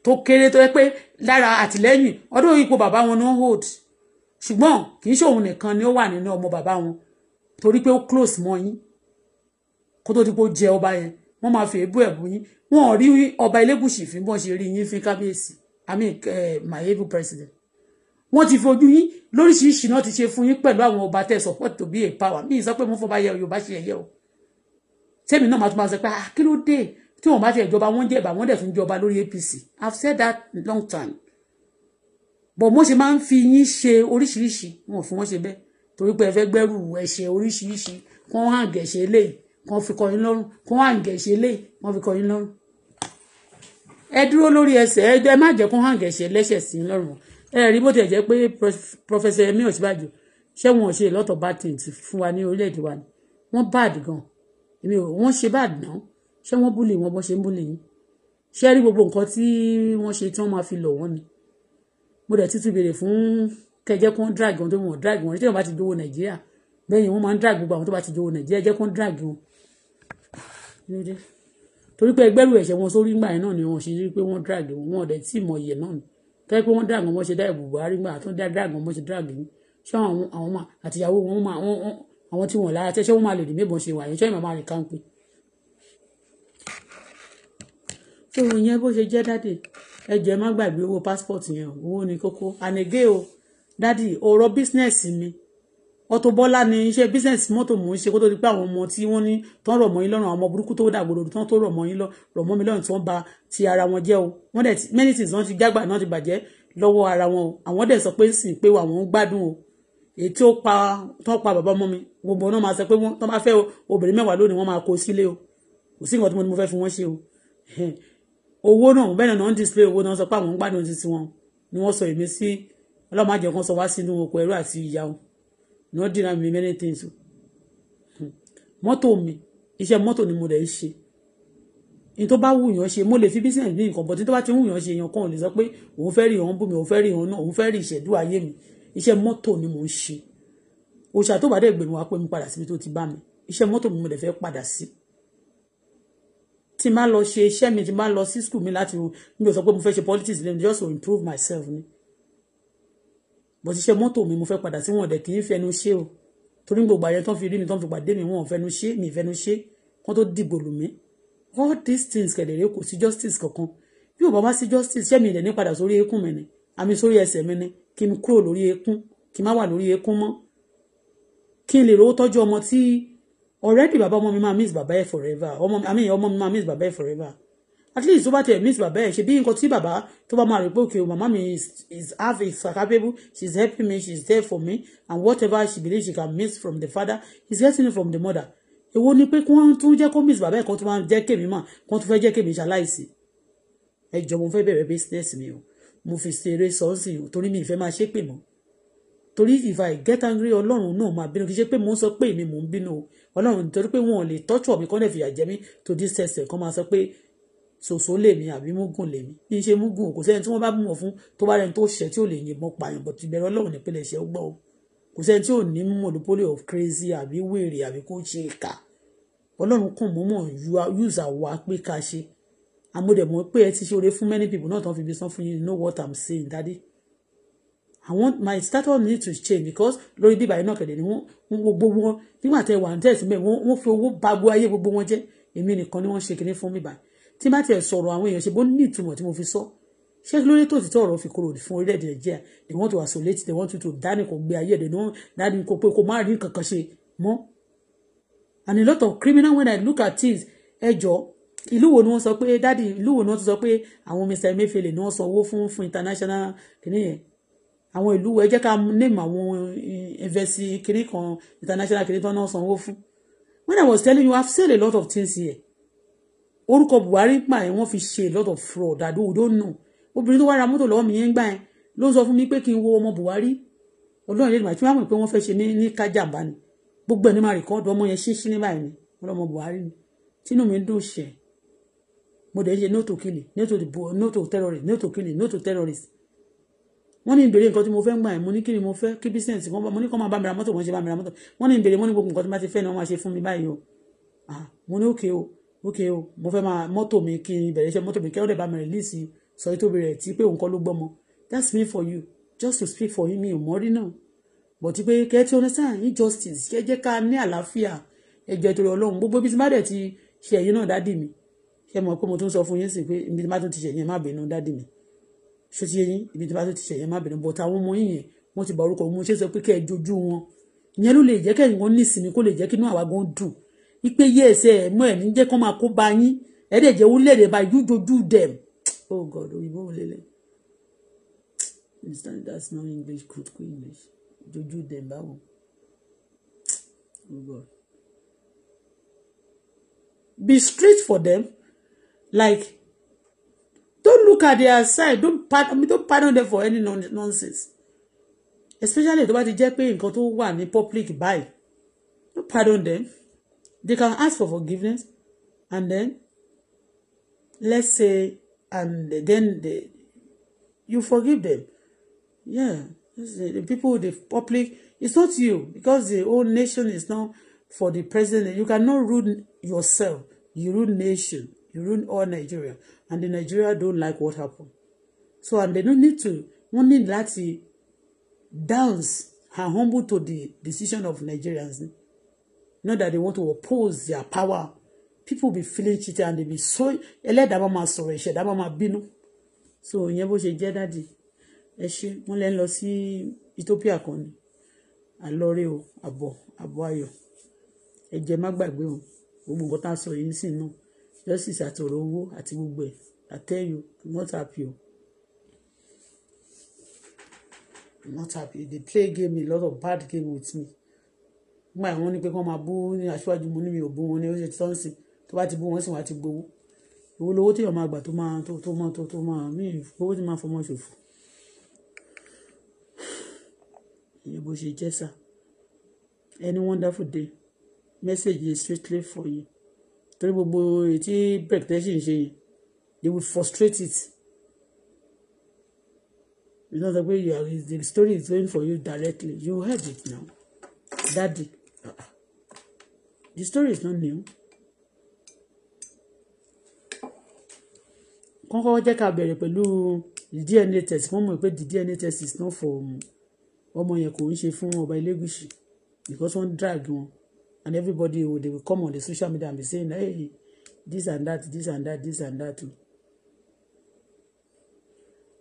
tó kéré tó yẹ pé lára àtìlẹ́yìn ọdún ipò bàbá wọn ni ó hold ṣùgbọ́n kì í ṣòun nìkan ni ó wà nínú ọmọ bàbá wọn torí pé ó close mọ́ yín kó tó di pé jẹ ọba yẹn wọ́n máa fi èébú ẹ̀bú yín wọn ò rí ọba Elégùṣì fín bọ́n ṣe rí yín fín kábíyèsí i mean eh, mayebu president wọ́n ti fojú yín lóríṣiríṣi náà ti ṣe fún yín pẹ̀lú àwọn ọba tẹ̀ support to be a power mi sọ pé mo fọba yẹ Yorùbá ṣe ẹ̀yẹ o tẹ́mi náà máa tún máa sọ pé ah kí ló dé tí wọ́n bá ti ẹ̀jọba wọ́n jẹ̀bà wọ́n dẹ̀ tún jọba lórí APC I've said that long time but mo ṣe máa ń fi yín ṣe oríṣiríṣi wọn ò fún wọn ṣe bẹ́ẹ̀ torí pé ẹ fẹ́ gbẹ́rù ẹ̀ṣẹ̀ oríṣiríṣi kí wọ́n hàn gẹ̀ṣẹ̀ eléyìí kan fi kọyín lọ́rùn kan wá ǹgẹ̀ṣẹ̀ lé kan fi kọyín lọ́rùn ẹ dúró lórí ẹsẹ̀ ẹ má jẹ́ kó hàn gẹ̀ṣẹ̀ lẹ́sẹ̀ sí lọ́rùn ẹ rí bó tẹ̀ jẹ́ pé pọfẹsẹ Yẹmí Ọ̀ṣínbàjò ṣé wọn ò ṣe lot of bad things fún wa ní orílẹ̀-èdè wa ni wọ́n bad gan èmi ò wọ́n ṣe bad náà ṣé wọ́n búlì wọn bó ṣe ń búlì yín ṣé rí gbogbo nǹkan tí wọ́n ṣe tí wọ́n máa fi lọ̀ wọ́n ni mo dẹ̀ títí béèrè fún kẹjẹ́ kó drag wọn tó wọn drag wọn tí wọ́n bá ti dówó Nàìjíríà bẹ́ẹ̀ ni wọ́n máa ń drag gbogbo àwọn tó bá ti dówó Nàìjíríà jẹ́ kó drag wọn lóde torí pé ẹgbẹ́rù ẹ̀ṣẹ̀ wọn sórí ńgbà yẹn náà ni wọn ṣe rí pé wọ́n drag wọn ọ̀dẹ̀ tí ìmọ̀ ìyẹ̀ náà ni tẹ́ pé wọ́n drag wọn ṣe dá ìbò Buhari gbà tó dá drag wọn ṣe drag yìí ṣé àwọn àwọn máa àtìyàwó wọn máa àwọn tí wọn lára tẹ́ ṣé wọ́n máa lè rí mébọn ṣe wà yẹn ṣé ìmọ̀ máa rí kánpé. tó o yẹn bó ṣe jẹ́ dáàdì ẹ jẹ́ má gbàgbé owó passport yẹn owó ni kókó ànégé o dáàdì ọ̀rọ̀ bísínẹ́sì mi Auto Bola ni iṣẹ́ business mọ́tò mò ń ṣe kó tó di pé àwọn ọmọ tí wọ́n ní tán rọ̀ mọ́ yín lọ́rùn àwọn ọmọ burúkú tó dàgbòdo tán tó rọ̀ mọ́ yín rọ̀ mọ́ mi lọ́rùn tí wọ́n ba ti ara wọn jẹ́ o wọ́n dẹ̀ many things wọ́n ti jágbà náà ti bàjẹ́ lọ́wọ́ ara wọn o àwọn dẹ̀ sọ pé sì pé àwọn ń gbádùn o èyí tí ó pa tán pa bàbá ọmọ mi gbogbo náà máa sọ pé tán bá fẹ́ obìnrin mẹ́wàá lónìí wọ́n máa kó sílé o kò sí nǹkan tí mo fẹ́ fi wọ́n o owó náà bẹ́ẹ̀ náà ń display owó náà sọ pé àwọn ń gbádùn títí wọn ni wọ́n sọ èmi sí ọlọ́màjẹ̀kan sọ wá sínú oko náà dìrà mi many things o mọ́tò mi iṣẹ́ mọ́tò ni mo dẹ̀ ń ṣe ní tó bá wù yàn ṣe mo lè fi business ní nǹkan bọ̀ tí tó bá ti wù yàn ṣe èèyàn kan ò lè sọ pé òun fẹ́ rí òun bù mí òun fẹ́ rí òun náà òun fẹ́ rí ìṣẹ́dú ayé mi iṣẹ́ mọ́tò ni mo ń ṣe òṣà tó bá dẹ̀ gbèrú wa pé mi padà síbi tó ti bá mi iṣẹ́ mọ́tò mi mo dẹ̀ fẹ́ padà sí tí n bá lọ ṣe mi tí n bá lọ school mi láti mi ò sọ mo fẹ́ ṣe politics lẹ́nu just to improve myself ni bó ti ṣe mọ́tò mi mo fẹ́ padà sí wọn ọ̀dẹ̀ kì í fẹnu ṣe o torí gbogbo àyẹ tán fi rí mi tán fi pàdé mi wọn ò fẹnu ṣe mi fẹnu ṣe kán tó dìbò lù mí all these things kẹ̀dẹ̀rẹ́ kò sí justice kankan bí ò bá wá sí justice ṣé mi ìdẹ̀ ní padà sórí eékún mi ni àmì sórí ẹsẹ̀ mi ni kí n kúrò lórí eékún kí n má wà lórí eékún mọ́ kí n lè rówó tọ́jú ọmọ tí already bàbá ọmọ mi máa miss bàbá ẹ̀ forever ọmọ mi máa miss bàbá ẹ̀ forever at least tó bá tẹ̀ miss bàbá ẹ̀ ṣe bí nǹkan tí bàbá tó bá máa rí pé okay mama mi is is half is capable she is helping me she is there for me and whatever she believes she can miss from the father she is getting it from the mother èwo ni pé kí wọ́n tún jẹ́ kó miss bàbá ẹ̀ kan tó máa jẹ́ kémi mà kan tó fẹ́ jẹ́ kémi ṣaláìsí ẹ jọ mo fẹ́ bẹ̀rẹ̀ business mi o mo fi ṣeré sọ́ọ̀sì o torí mi ìfẹ́ máa ṣépè mọ́ torí if I get angry ọlọ́run náà máa bínú kì í ṣe pé mò ń sọ pé èmi mò ń bínú o ọlọ́run nítorí pé wọn ò lè tọ́jú ọ̀mí kọ́nẹ̀ fìyà jẹ mí to this extent kan máa sọ pé ṣòṣò lèmi àbí múgùn lèmi ní ṣe múgùn kò sẹ́ni tí wọ́n bá mú wọn fún tó bá rẹni tó ṣẹ̀ tí ò lè yìnbọn pààyàn bọ̀ ti bẹ̀rẹ̀ ọlọ́run nípínlẹ̀ ṣẹ́ gbọ́ o kò sẹ́ni tí ò ní monopoly of crazy àbí wèrè àbí kó ṣe ìkà ọlọ́run kàn mọ́mọ́ yúzà wá pé ká ṣe àmúdẹ̀mọ́ pé ẹ ti ṣe oore fún many people náà tán fi bí san fún yín you know what i'm saying daddy i want my startup need to change because lórí bíbá iná kẹ̀dẹ̀ ni wọ́n gbogbo wọn nígbà tẹ wà ní tẹ̀sí mẹ́rin wọ́n fi owó ba gbogbo ayé gbogbo wọn jẹ́ èmi nìkan ni wọ́n ṣe kinní fún mi báyìí tí bá tiẹ̀ sọ̀rọ̀ àwọn èèyàn ṣe bó ní ìtumọ̀ tí mo fi sọ ṣé kí ló tó ti tọ́ ọ̀rọ̀ fi kúrò fún orílẹ̀-èdè nàìjíríà they want to isolate they want you to dánìkan gbé ayé ẹ̀dẹ̀ náà dánìkan pé kó má rí nǹkan kan ṣe mọ́ and a lot of criminal when I look at things ẹjọ́ ìlú wo ni wọ́n sọ pé dádì ìlú wo ni wọ́n ti sọ pé àwọn Mr Emefiele ni wọ́n san owó fún fún international kìnìyẹn àwọn ìlú wo ẹ jẹ́ ká name àwọn investi kìnìkan international kìnìkan náà san owó fún when I was telling you I have said a lot of things here orúkọ Buhari pa ẹ̀ wọ́n fi ṣe lot of fraud àdó òdó nù obìnrin tó wá ra mọ́tò lọ́wọ́ mi yẹn ń gbà yẹn ló sọ fún mi pé kí n wo ọmọ Buhari ọlọ́run lè máa tí wọ́n mọ̀ pé wọ́n fẹ́ ṣe ní ní kájàmbá ni gbogbo ẹ̀ ní máa rìkọ́ọ̀dù ọmọ yẹn ṣíṣí ní báyìí ni ọlọ́mọ Buhari ni tínú mi dùn ṣẹ̀ mo dẹ̀ ṣe nóòtò kìlì nóòtò terrorist nóòtò kìlì nóòtò terrorist wọ́n ní ìbéèrè nǹkan tí mo fẹ́ ń gbà yẹn mo ní kí ni mo fẹ́ kí bísíǹsì kan mo ní kọ́ máa bá mi ra mọ́tò wọ́n ṣe bá mi ra mọ́tò wọ́n ní ìbéèrè wọ́n ní gbogbo nǹkan tí wọ́n ti fẹ́ ni wọ́n máa ṣe fún mi báyìí o ah, mo ní òkè o ok o mo fẹ́ máa mọ́tò mi kí n bẹ̀rẹ̀ iṣẹ́ mọ́tò mi kí ọ̀dẹ̀ bá mi release sọ yìí tó bẹ̀rẹ̀ tí pé òun kọ́ ló gbọ́mọ that's me for you just to speak for him mi ò mọ́rí náà bọ̀tí pé kẹ́ tí understand injustice kẹ́ jẹ́ ká ní àlàáfíà ẹjọ́ ìtòrò ọlọ́run gbogbo ibi tí má dẹ̀ ti ṣe ẹ̀yin náà dádì mi ṣe mọ̀ pé mo tún sọ fún yín sí pé ibi tí má tún ti ṣe ẹ̀yin má bínú dádì mi ṣó ti yé yín ibi tí má tún ti ṣe ẹ̀yin má bínú bọ̀tí àwọn ọmọ yín yẹn wọ́n ti bá orúkọ wọn ṣe sọ pé kẹ́ ẹ jojú wọn ìyẹn ló lè jẹ́ kẹ́yìn wọn nísìnyí kó lè jẹ́ kínú àwa gan dùn wípé yé ẹsẹ ẹmọ ẹ ní jẹ́ kó máa kó ba yín ẹdẹjẹ orílẹ̀-èdè by you do do them oh god we òyìnbó lélẹ̀ understand that's not english good good english do do them báwo oh god be straight for them like don't look at their side don't pardon I mean, don't pardon them for any nonsense especially tó bá ti jẹ́ pé nǹkan tó wà ní public báyìí don't pardon them. They can ask for forgiveness and then let's say and then they, you forgive them. Yeah, the, people, the public, it's not you because the whole nation is not for the president. You cannot ruin yourself. You ruin nation. You ruin all Nigeria. And the Nigeria don't like what happened. So and they don't need to. One need ní láti dance and humble to the decision of Nigerians. Know that they want to oppose their power people be feeling cheated and they be so ẹlẹ́dàá bá máa sọ̀rọ̀ ìṣẹ̀dá bá máa bínú so ìyẹn bó ṣe jẹ́ dáàdì ẹ ṣe wọ́n lẹ́ ń lọ sí Ethiopia kan ni àlọ́rẹ́ o àbọ̀ àbọ̀ ayọ̀ ẹ jẹ́ má gbàgbé o gbogbo nǹkan tá a sọ yìí nísìnyí náà justice àtọ̀rọ̀ owó àti gbogbo ẹ̀ I tell you not happy o not happy they play game a lot of bad game with me nígbà yẹn wọ́n pé kí wọ́n máa bú ní aṣáájú mo ní mi ò bú wọn ní ó sọ́ọ̀sì tó bá ti bú wọn sì wá ti gbowó ìwọ lówó tí èèyàn máa gbà tó máa tó tó máa tó tó máa mí owó tí máa fọmọ ṣòfò ìyẹn bó ṣe jẹ́ sà any wonderful day message is strictly for you torí gbogbo ètí break tension ṣe yìí they will frustrate it you know the way you are the story is going for you directly you heard it now daddy. The story is not new. kọ́kọ́ jẹ́ ká bẹ̀rẹ̀ pẹ̀lú DNA test wọ́n mọ̀ pé the DNA test is not for um, ọmọ yẹn kò ń ṣe fún ọba Elégùṣì because wọ́n drag wọn and everybody will dey come on the social media and be saying hey this and that this and that this and that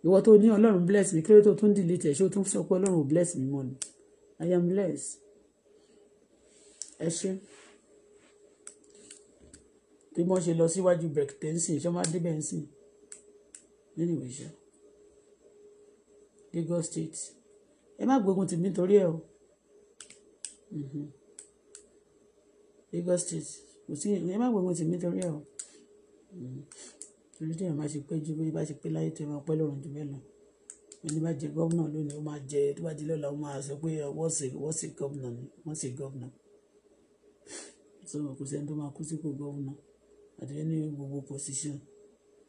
ìwọ tó ní Ọlọ́run bless mi kí ló tó tún delete ẹ̀ ṣé o tún sọ pé Ọlọ́run ò bless me, mọ́ I am blessed ẹ ṣe bí wọ́n ṣe lọ síwájú brexit ṣé wọ́n máa débẹ̀ ń sìn nínú ìwé ṣe Lagos State ẹ má gbógun tì mí torí ẹ o mhm. Lagos State kò sí ẹ má gbógun tì mí torí ẹ o mhm. torí tí ẹ má ṣe pé ju bí bá ṣe pé láyé tó ẹ máa pẹ́ lọ́rùn jù bẹ́ẹ̀ lọ ẹni bá jẹ gómìnà lónìí ó máa jẹ tó bá di lọ́la ó máa sọ pé wọ́n sì gómìnà ni wọ́n sì gómìnà so kò sẹ́ni tó máa kú sí kò gọ́ọ̀nà àti ní gbogbo position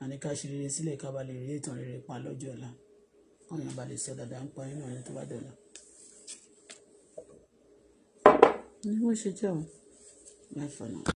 àní ká ṣe rere sílẹ̀ ká ba lè rí ìtàn rere pa lọ́jọ́ ọ̀la káwọn èèyàn ba lè sọ dáadáa ń pa nínú ọ̀rẹ́ tó bá dọ̀la. ní wọ́n ṣe jẹ́ ọ̀ láì fọ̀nà.